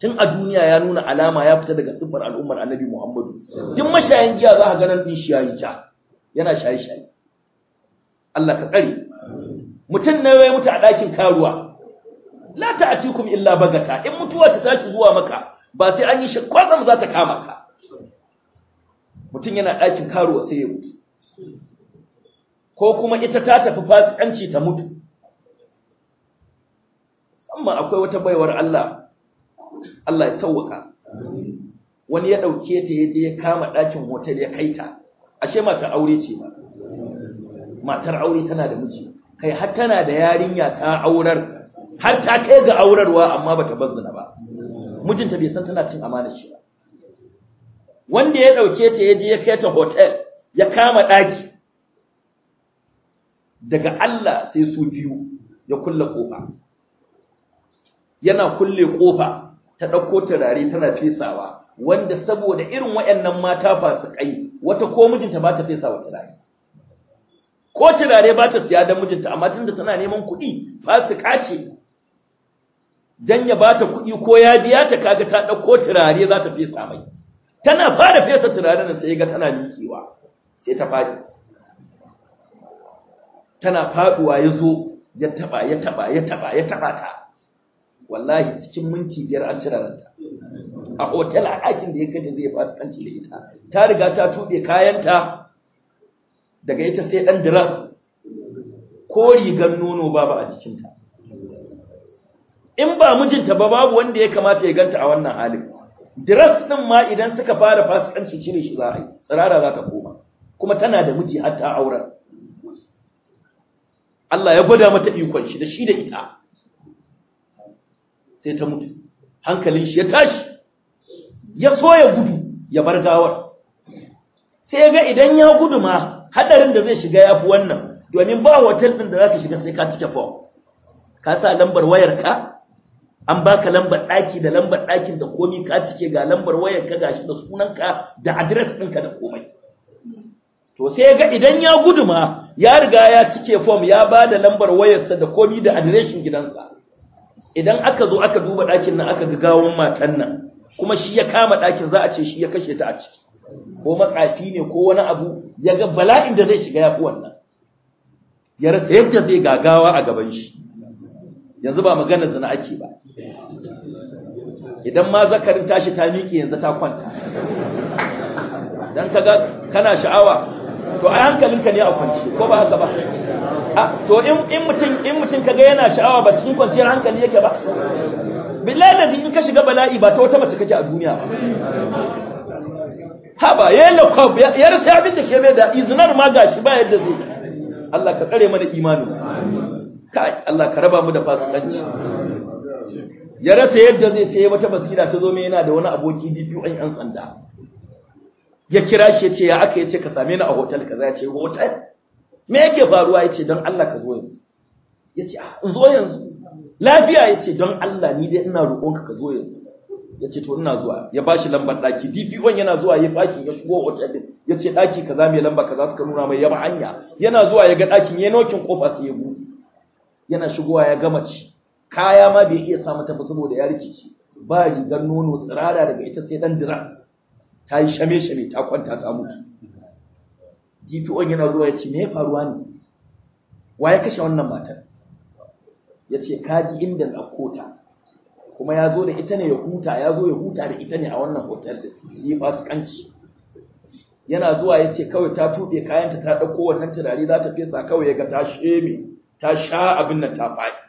tun a duniya ya nuna alama ya fita daga siffar al'ummar annabi Muhammadu duk mashayin giya za ka ga nan din ya ja yana shaye shaye Allah ka tsare mutum na ya mutu a ɗakin karuwa la ta'atikum illa bagata in mutuwa ta tashi zuwa maka ba sai an yi shi kwatsam za ta kama ka mutum yana ɗakin karuwa sai ya mutu ko kuma ita ta tafi fasikanci ta mutu musamman akwai wata baiwar Allah Allah ya sauwaka wani ya ɗauke ta ya je ya kama ɗakin hotel ya kai ta ashe matar aure ce ba matar aure tana da miji kai har tana da yarinya ta aurar har ta kai ga aurarwa amma bata bazzana ba mijinta bai san tana cin amana shi ba wanda ya dauke ta ya je ya kai ta hotel ya kama daki daga Allah sai su biyu ya kulle kofa yana kulle kofa ta dauko turare tana fesawa wanda saboda irin wayannan mata fasikai wata ko mijinta ba ta fesawa turare ko turare ba ta siya da mijinta amma tunda tana neman kuɗi fasika ce dan ya bata kuɗi ko ya biya ta kaga ta dauko turare za ta fesa mai tana fara fesa turare nan sai ga tana mikewa sai ta faɗi tana faɗuwa ya zo ya taɓa ya taɓa ya taɓa ya taba ta wallahi cikin minti biyar an cire ranta a hotel a ɗakin da ya kaje zai fara kanci da ita ta riga ta tube kayanta daga ita sai ɗan diras ko rigar nono babu a jikinta in ba mijinta ba babu wanda ya kamata ya ganta a wannan halin dress din ma idan suka fara fasikanci cire shi za a yi tsirara za ta koma kuma tana da miji har ta auren Allah ya gwada mata ikon shi da shi da ita sai ta mutu hankalin shi ya tashi ya so ya gudu ya bar gawar sai ga idan ya gudu ma hadarin da zai shiga ya fi wannan domin ba hotel din da za ka shiga sai ka cike form ka sa lambar wayarka an baka lambar ɗaki da lambar ɗakin da komi ka cike ga lambar wayar ka gashi da sunanka da adres ɗinka da komai to sai ga idan ya gudu ma ya riga ya cike form ya ba da lambar wayarsa da komi da adireshin gidansa idan aka zo aka duba ɗakin nan aka ga gawon matan nan kuma shi ya kama ɗakin za a ce shi ya kashe ta a ciki ko matsafi ne ko wani abu ya ga bala'in da zai shiga ya fi wannan ya rasa yadda zai gagawa a gaban shi yanzu ba magana zina ake ba idan ma zakarin tashi ta miƙe yanzu ta kwanta dan kaga kana sha'awa to ai hankalinka ne a kwanci ko ba haka ba to in mutum in mutum kaga yana sha'awa ba cikin kwanciyar hankali yake ba billahi in ka shiga bala'i ba ta wata mace kake a duniya ba haba yalla ko ya sai abin da ke mai da izinar ma gashi ba yadda zai Allah ka tsare mana imani kai Allah ka raba mu da fasikanci ya rasa yadda zai sai wata basira ta zo mai yana da wani aboki DPO an yan sanda ya kira shi ya ce ya aka yace ka same ni a hotel kaza ya ce hotel me yake faruwa ya ce don Allah ka zo yanzu ya ce a ah, zo yanzu lafiya ya ce don Allah ni dai ina roƙonka ka zo yanzu ya ce to ina zuwa ya ba shi lambar ɗaki dp yana zuwa ya ɗakin ya shigo hotel din ya ce ɗaki kaza mai lamba kaza suka nuna mai yaba hanya yana zuwa ya ga ɗakin ya nokin kofa sai ya buɗe yana shigowa ya gama ci kaya ma bai iya sa mata ba saboda ya rikici ba rigar nono tsirara daga ita sai dan dira ta yi shame shame ta kwanta ta mutu on yana zuwa ya ce me faruwa ne wa ya kashe wannan matar ya ce kaji inda na kota.' kuma ya zo da ita ne ya huta ya zo ya huta da ita ne a wannan hotel da su yi fasikanci yana zuwa ya ce kawai ta tuɓe kayanta ta ɗauko wannan turare za ta fesa kawai ya ga ta sheme ta sha abin nan ta faɗi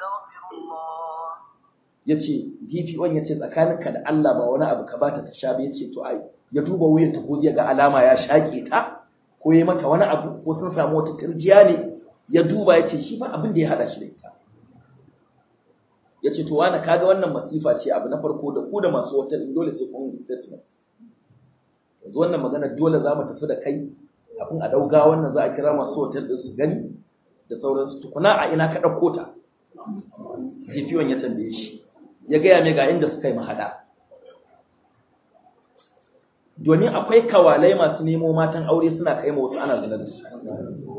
yace DPO yace tsakaninka da Allah ba wani abu ka bata ta sha ba yace to ai ya duba wuyan ta ko zai ga alama ya shake ta ko yayi mata wani abu ko sun samu wata turjiya ne ya duba yace shi ba abin da ya hada shi da ita yace to wani kaga wannan masifa ce abu na farko da ku da masu wata dole sai kun statement yanzu wannan magana dole za mu tafi da kai kafin a ɗauka wannan za a kira masu hotel din su gani da sauransu tukuna a ina ka ɗauko ta Jifiyon ya tambaye shi ya gaya mai ga inda suka yi mahaɗa domin akwai kawalai masu nemo matan aure suna kai ma wasu ana zina da su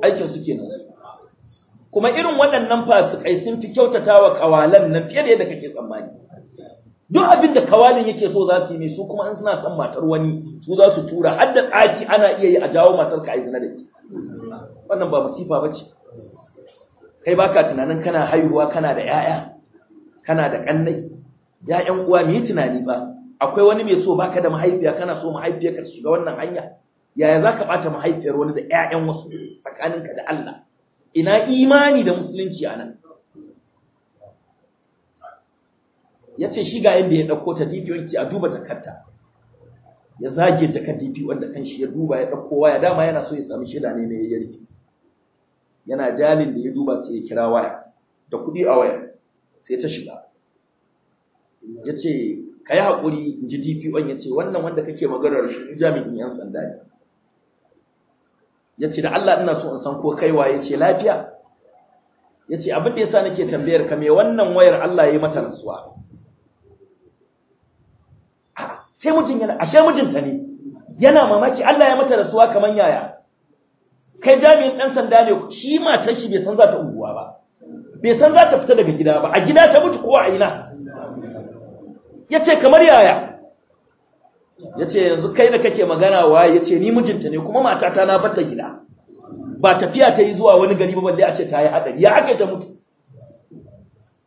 aikin su nasu. kuma irin waɗannan fasikai sun fi kyautata wa kawalan nan fiye da yadda kake tsammani duk abin da kawalin yake so za su yi mai su kuma in suna son matar wani su za su tura har da tsaki ana iya yi a jawo matar ka a zina da ita wannan ba masifa ba ce kai baka tunanin kana haihuwa kana da yaya kana da kannai ya'yan uwa me tunani ba akwai wani mai so baka da mahaifiya kana so mahaifiyar ka shiga wannan hanya yaya za ka bata mahaifiyar wani da ƴaƴan wasu tsakaninka da Allah ina imani da musulunci a anan yace shi ga yadda ya dauko ta bidiyon ki a duba takarta ya zage takar wanda kan kanshi ya duba ya dauko waya dama yana so ya sami shida ne ne ya yana jalin da ya duba sai ya kira waya da kuɗi a waya sai ta shiga ya ce ka yi haƙuri in ji dpo ya ce wannan wanda kake maganar shi jami'in yan sanda ne ya ce da allah ina so in san ko kaiwa ya ce lafiya ya ce abin da ya sa nake tambayar ka me wannan wayar allah ya yi mata rasuwa ah, sai mutum yana ashe mijinta ne yana mamaki allah ya mata rasuwa kamar yaya kai jami'in dan sanda ne shi matar shi bai san za ta unguwa ba bai san za ta fita daga gida ba a gida ta mutu ko a ina yace kamar yaya yace yanzu kai da kake magana wa yace ni mijinta ne kuma matata na bata gida ba tafiya ta yi zuwa wani gari ba balle a ce ta yi hadari ya aka ta mutu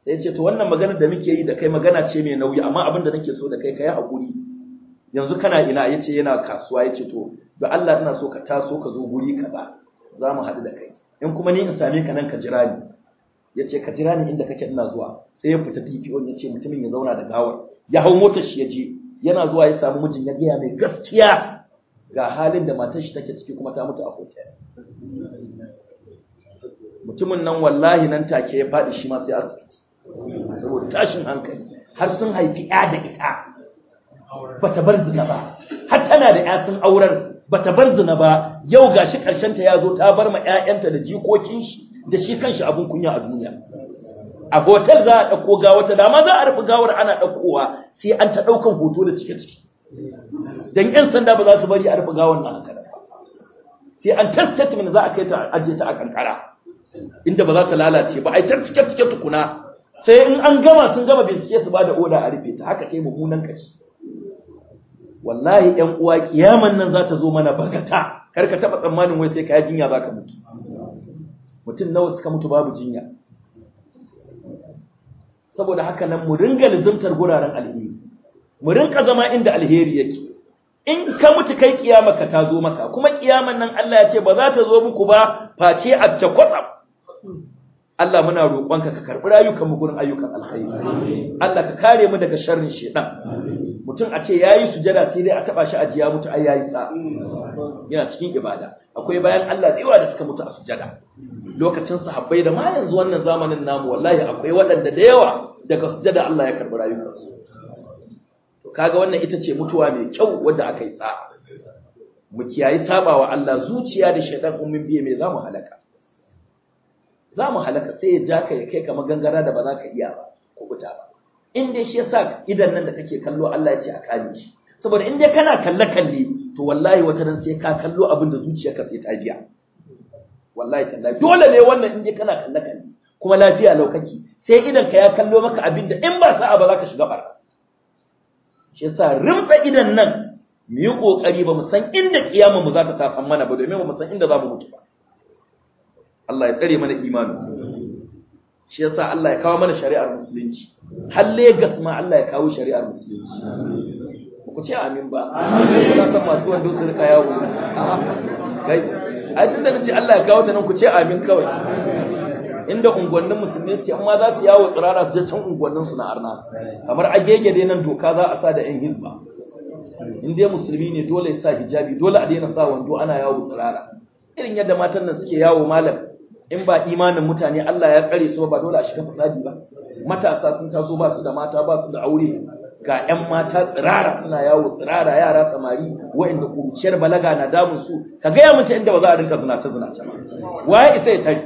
sai yace to wannan magana da muke yi da kai magana ce mai nauyi amma abin da nake so da kai kai hakuri yanzu kana ina yace yana kasuwa yace to da Allah ina so ka taso ka zo guri kaza za mu haɗu da kai in kuma ni in same ka nan ka jira ni ya ce ka jira ni inda kake ina zuwa sai ya fita dpo ya ce mutumin ya zauna da gawar ya hau motar shi ya je yana zuwa ya samu mijin ya gaya mai gaskiya ga halin da matar shi take ciki kuma ta mutu a hotel mutumin nan wallahi nan take ya faɗi shi ma sai asibiti saboda tashin hankali har sun haifi ya da ita ba ta bar zina ba har tana da ya sun aurar bata bar zina ba yau gashi karshen ta yazo ta bar ma ƴaƴanta da jikokin shi da shi kanshi abun kunya a duniya a hotel za a dauko gawata dama za a rufe gawar ana daukowa sai an ta daukan hoto da cike ciki dan ƴan sanda ba za su bari a rufe gawar nan haka sai an ta statement za a kai ta aje ta a kankara inda ba za ta lalace ba ai ta cike cike tukuna sai in an gama sun gama bincike su ba da oda a rufe ta haka kai mummunan kashi wallahi ɗan uwa kiyaman nan za ta zo mana bagata kar ka taba tsammanin wai sai ka jinya ka mutu mutum nawa suka mutu babu jinya saboda haka nan mu ringa lizumtar guraren alheri mu rinka zama inda alheri yake in ka mutu kai ƙiyamaka ta zo maka kuma kiyaman nan Allah ya ce ba za ta zo muku ba face a ta kwatsam Allah muna roƙonka ka karɓi rayukan mu gurin ayyukan alkhairi Allah ka kare mu daga sharrin shedan mutum a ce yayi sujada sai dai a taba shi a jiya mutu ai yayi sa yana cikin ibada akwai bayan Allah da yawa da suka mutu a sujada lokacin sahabbai da ma yanzu wannan zamanin namu wallahi akwai waɗanda da yawa daga sujada Allah ya karɓi rayukansu to kaga wannan ita ce mutuwa mai kyau wadda aka yi sa mu kiyayi sabawa Allah zuciya da shedan ummin biye mai zamu halaka za mu halaka sai ya ja ka ya kai ka magangara da ba za ka iya ba kuta ba in dai shi yasa idan nan da kake kallo Allah ya ce a kame shi saboda in dai kana kalle kalle to wallahi wata ran sai ka kallo abin da zuciyarka sai ta biya wallahi tallahi dole ne wannan in dai kana kalle kalle kuma lafiya lau kake sai idan ka ya kallo maka abin da in ba sa'a ba za ka shiga barka shi yasa rimtsa idan nan mu yi kokari ba mu san inda kiyama mu za ta tasan mana ba domin ba mu san inda za mu mutu ba Allah ya tsare mana imani shi yasa Allah ya kawo mana shari'ar musulunci har Legas ma Allah ya kawo shari'ar musulunci ku ce amin ba amin ba san masu wanda su rika yawo kai ai tunda nace Allah ya kawo ta nan ku ce amin kawai inda unguwannin musulmi suke amma za su yawo tsirara su je can unguwannin su na arna kamar gege dai nan doka za a sa da yan hizba in dai musulmi ne dole ya sa hijabi dole a daina sa wando ana yawo tsirara irin yadda matan nan suke yawo malam in ba imanin mutane Allah ya tsare su ba dole a shiga fasadi ba matasa sun taso ba su da mata ba su da aure ga 'yan mata tsirara suna yawo tsirara yara samari wa'inda kuruciyar balaga na damun su ka gaya mace inda ba za a rinka zinace zinace ba waye isa ya tari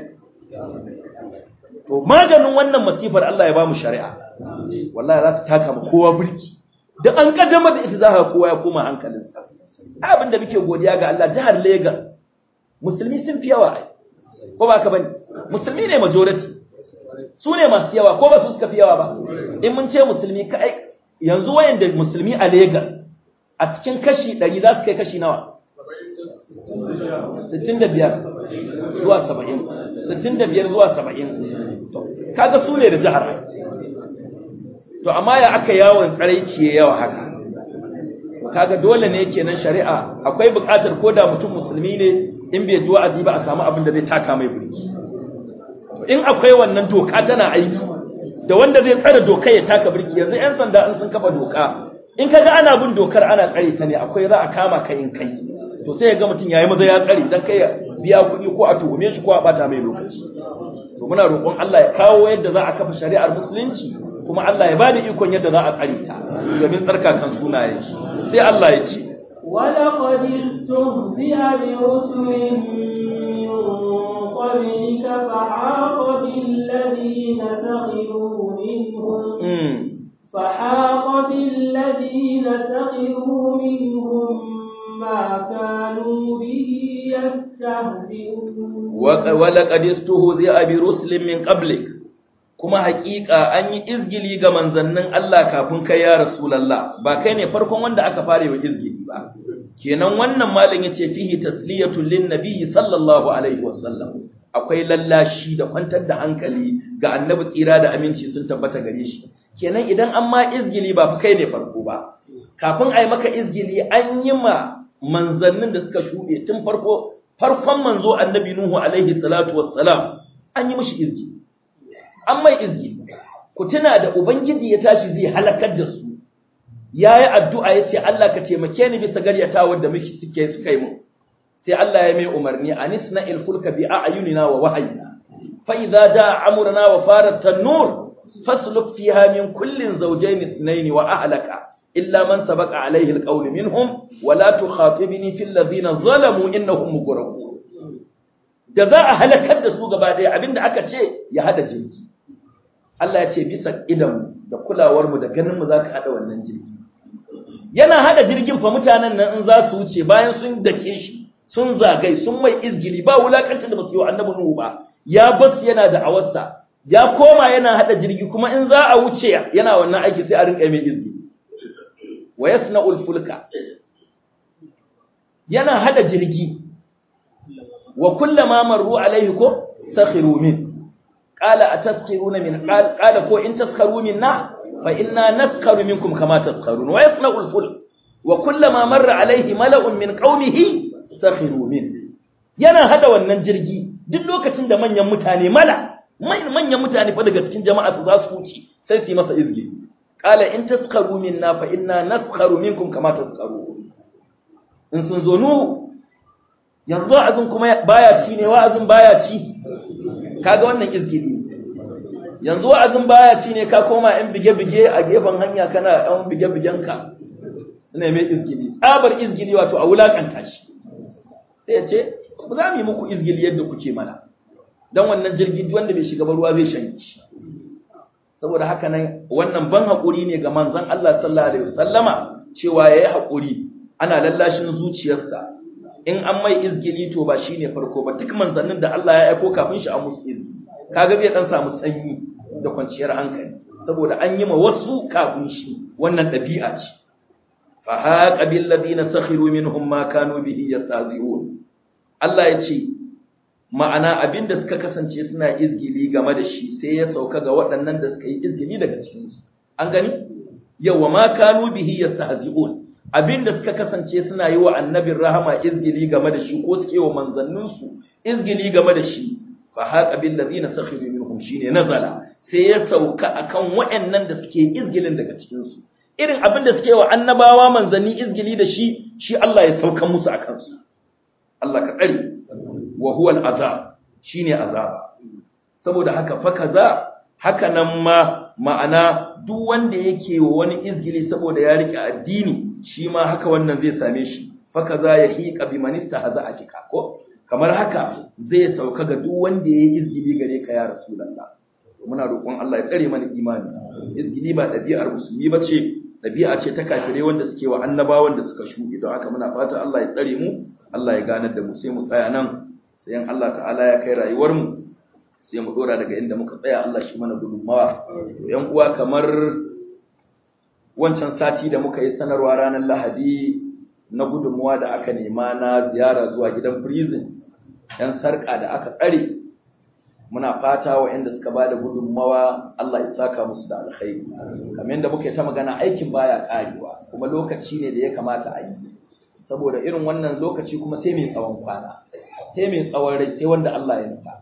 to maganin wannan masifar Allah ya ba mu shari'a wallahi za ta taka mu kowa burki da an kaddama da ita za ka kowa ya koma hankalinsa abin da muke godiya ga Allah jihar Lagos musulmi sun fi yawa ai ko ba ka bane musulmi ne majority su ne masu yawa ko ba su suka fi yawa ba in mun ce musulmi kai yanzu wayanda musulmi a Lagos a cikin kashi 100 za su kai kashi nawa 65 zuwa 70 65 zuwa 70 kaga su ne da jihar to amma ya aka yawon karaici yawa haka kaga dole ne kenan shari'a akwai bukatar koda mutum musulmi ne in bai ji wa'azi ba a samu abin da zai taka mai buri in akwai wannan doka tana aiki da wanda zai tsara doka ya taka burki yanzu yan sanda an sun kafa doka in kaga ana bin dokar ana tsare ta ne akwai za a kama ka in kai to sai ya ga mutum yayi maza ya tsare dan kai biya kuɗi ko a tuhume shi ko a bata mai lokaci to muna roƙon Allah ya kawo yadda za a kafa shari'ar musulunci kuma Allah ya bada ikon yadda za a tsare ta domin tsarkakan ya sai Allah ya ce ولقد استهزئ برسل من قبلك فحاق بالذين سخروا منهم فحاق بالذين سخروا منهم ما كانوا به يستهزئون ولقد استهزئ برسل من قبلك kuma haƙiƙa an yi izgili ga manzannin Allah kafin kai ya Rasulallah ba kai ne farkon wanda aka fara wa izgili ba kenan wannan ya yace fihi tasliyatu lin nabiyyi sallallahu alaihi wasallam akwai lallashi da kwantar da hankali ga annabi tsira da aminci sun tabbata gare shi kenan idan an ma izgili ba kai ne farko ba kafin ai maka izgili an yi ma manzannin da suka shuɗe tun farko farkon manzo annabi nuhu alaihi salatu wassalam an yi mishi izgili an mai izgi ku tuna da ubangiji ya tashi zai halakar da su yayi addu'a ya ce, Allah ka taimake ni bisa garyata da muke suke suka yi mu sai Allah ya mai umarni anisna il fulka bi a'yunina wa wahayina fa da jaa amruna wa farat tanur fasluk fiha min kullin zawjayn ithnayn wa ahlaka illa man sabaqa alayhi alqawl minhum wa la tukhatibni fil ladhina zalamu innahum mughraqun da za a halakar da su gaba daya abinda aka ce ya hada jinki Allah ya ce bisa idanmu da kulawarmu da ganinmu za ka haɗa wannan jirgi yana haɗa jirgin fa mutanen nan in za su wuce bayan sun dake shi sun zagai sun mai izgili ba wulakancin da ba su yi wa annabi Nuhu ba ya bas yana da awarsa ya koma yana haɗa jirgi kuma in za a wuce yana wannan aiki sai a rinƙa mai izgili wa yasna'ul ulfulka? yana haɗa jirgi wa kullama marru alaihi ko sakhiru min qala atazkiruna min qala ko in tazkaru minna fa inna nazkaru minkum kama tazkarun wa yasna'u al-fulk wa kullama marra alayhi mala'un min qaumihi sakhiru min yana hada wannan jirgi duk lokacin da manyan mutane mala manyan mutane fa daga cikin jama'a su za su huce sai su yi masa izgi qala in tazkaru minna fa inna nazkaru minkum kama tazkarun in sun zo nu yanzu azun kuma baya ci ne wa'azin baya ci kaga wannan kirkiri yanzu wa'azin baya ci ne ka koma yan bige-bige a gefen hanya kana yan bige-bigenka suna mai izgili tsabar izgili wato a wulakanta shi sai ya ce ba za mu yi muku izgili yadda kuke mana don wannan jirgi wanda bai shiga ruwa zai shan shi saboda haka nan wannan ban haƙuri ne ga manzon Allah sallallahu alaihi wasallama cewa yayi haƙuri ana lallashin zuciyarsa in an mai izgili to ba shi ne farko ba duk manzannin da Allah ya aiko kafin shi a musu Ka kaga ya dan samu sanyi da kwanciyar hankali saboda an yi ma wasu kafin shi wannan ɗabi'a ce fa haqa bil ladina sakhiru minhum ma kanu bihi yastazihun Allah ya ce ma'ana abin da suka kasance suna izgili game da shi sai ya sauka ga waɗannan da suka yi izgili daga cikin su an gani yawa ma kanu bihi yastahzi'un Abin da suka kasance suna yi wa annabin rahama izgili game da shi ko suke wa manzanninsu izgili game da shi fa haqa bil ladina sakhiru minhum shine nazala sai ya sauka akan waɗannan da suke izgilin daga cikin su irin da suke wa annabawa manzanni izgili da shi shi Allah ya sauka musu akan su Allah ka tsare wa huwa al azab shine azaba saboda haka fa kaza haka nan ma ma'ana duk wanda yake wani izgili saboda ya rike addini shi ma haka wannan zai same shi faka za ya hiƙa bi manista haza a kika ko kamar haka zai sauka ga duk wanda ya yi izgili gare ka ya rasulullah muna roƙon Allah ya tsare mana imani izgili ba ɗabi'ar musulmi ba ce ɗabi'a ce ta kafirai wanda suke wa annabawan da suka shuɗe don haka muna fata Allah ya tsare mu Allah ya ganar da mu sai mu tsaya nan sai in Allah ta'ala ya kai rayuwar mu sai mu dora daga inda muka tsaya Allah shi mana gudunmawa to yan uwa kamar wancan sati da muka yi sanarwa ranar Lahadi na gudunmuwa da aka nema na ziyara zuwa gidan prison ‘yan sarƙa da aka tsare muna fata wa inda suka ba da gudunmawa Allah ya saka musu da alkhairi kamar da muka yi ta magana aikin baya ƙarewa kuma lokaci ne da ya kamata a yi saboda irin wannan lokaci kuma sai mai tsawon kwana sai mai tsawon rai sai wanda Allah ya nufa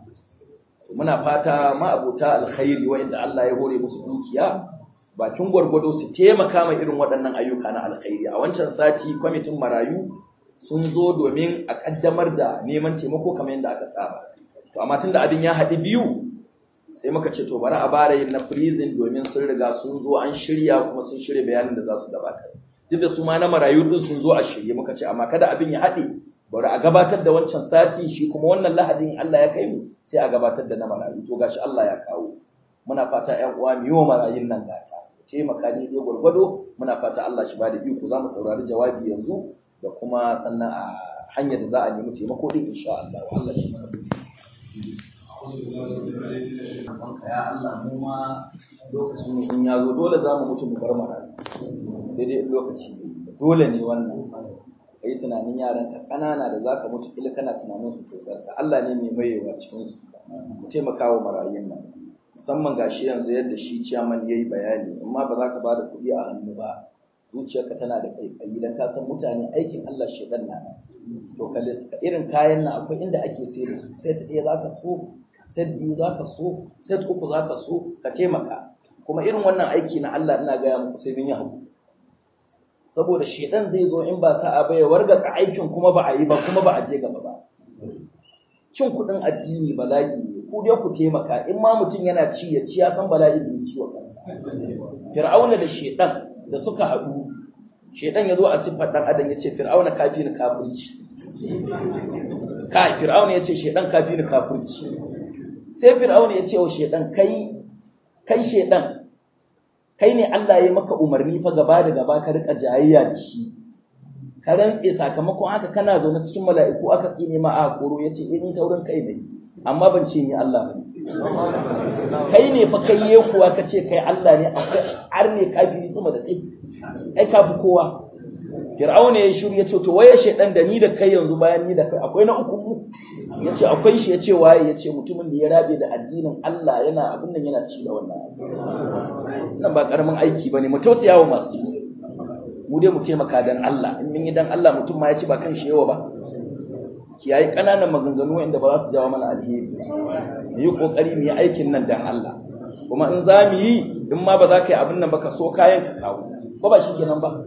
muna fata ma'abota alkhairi waɗanda Allah ya hore musu dukiya bakin gwargwado su taimaka ma irin waɗannan ayyuka na alkhairi a wancan sati kwamitin marayu sun zo domin a kaddamar da neman taimako kamar yadda aka tsara to amma tunda abin ya haɗi biyu sai muka ce to bari a bara yin na prison domin sun riga sun zo an shirya kuma sun shirya bayanin da za su gabatar duk da su ma na marayu din sun zo a shirye muka ce amma kada abin ya haɗe bari a gabatar da wancan sati shi kuma wannan lahadin Allah ya kai mu sai a gabatar da na marayu to gashi Allah ya kawo muna fata ƴan uwa mu yi wa marayun nan gata taimaka ne dai gwargwado muna fata Allah shi ba da iko za mu saurari jawabi yanzu da kuma sannan a hanyar da za a nemi taimako din insha Allah Allah shi mana ya Allah mu ma lokacin mu in yazo dole za mu mutu mu bar mara sai dai lokaci dole ne wannan kai tunanin yaran ka kanana da zaka mutu kila kana tunanin su to Allah ne mai mayewa cikin su taimakawa marayun nan musamman ga shi yanzu yadda shi ciyaman ya yi bayani amma ba za ka ba da kuɗi a hannu ba zuciyarka tana da ƙaiƙayi don ka san mutane aikin Allah shaidan na to irin kayan nan akwai inda ake sayar su sai ta ɗaya za ka so sai biyu za ka so sai uku za ka so ka taimaka kuma irin wannan aiki na Allah ina gaya muku sai mun yi haƙuri saboda shaidan zai zo in ba sa'a ba ya wargatsa aikin kuma ba a yi ba kuma ba a je gaba ba cin kuɗin addini bala'i ne ku dai ku taimaka in ma mutum yana ci ya ci ya san bala'i da ci wa fir'auna da shedan da suka haɗu shedan ya zo a siffar dan adam ya ce fir'auna kafirin kafirci ka fir'auna ya ce shedan kafirin kafirci sai fir'auna ya ce wa shedan kai kai shedan kai ne Allah ya maka umarni fa gaba da gaba ka rika jayayya da shi ka rantse sakamakon haka kana zaune cikin mala'iku aka tsine ma a koro yace eh, in taurin kai ne amma ban ce ni Allah ba kai ne fa kai ye kuwa ka ce kai Allah ne Akwai har ne kafiri kuma da kai ai kafi kowa Fir'auna ya shuri ya ce to waye shedan da ni da kai yanzu bayan ni da kai akwai na uku mu ya ce akwai shi ya ce waye ya ce mutumin da ya rabe da addinin Allah yana abin nan yana ci da wannan nan ba karamin aiki bane mu tausaya wa masu mu dai mu taimaka dan Allah in mun yi dan Allah mutum ma ya ci ba kan shi yawa ba kiyaye kananan maganganu inda ba za su jawo mana alheri mu yi kokari mu yi aikin nan dan Allah kuma in za mu yi in ma ba za ka yi abin nan ba ka so kayan ka kawo ko ba shikenan ba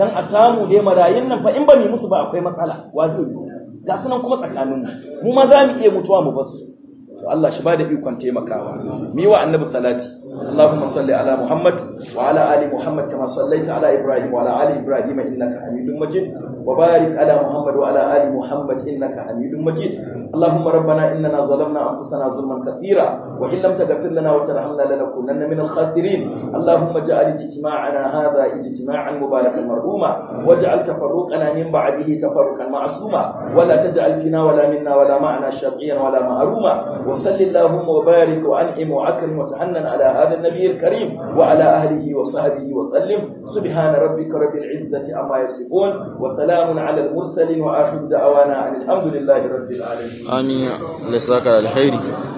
dan a samu dai marayun nan fa in ba mu musu ba akwai matsala wa zai ga sunan kuma tsakanin mu mu ma za mu iya mutuwa mu basu to Allah shi ba da ikon taimakawa mu yi wa annabi salati Allahumma salli ala Muhammad wa ala ali Muhammad kama sallaita ala Ibrahim wa ala ali Ibrahim innaka Hamidum Majid وبارك على محمد وعلى آل محمد إنك حميد مجيد اللهم ربنا إننا ظلمنا أنفسنا ظلما كثيرا وإن لم تغفر لنا وترحمنا لنكونن من الخاسرين اللهم اجعل اجتماعنا هذا اجتماعا مباركا مرحوما واجعل تفرقنا من بعده تفرقا معصوما ولا تجعل فينا ولا منا ولا معنا شرقيا ولا مهروما وصل اللهم وبارك وأنعم وأكرم وتحنن على هذا النبي الكريم وعلى أهله وصحبه وسلم سبحان ربك رب العزة عما يصفون وسلام سلام على المرسلين وآخر دعوانا أن الحمد لله رب العالمين آمين لساك الخير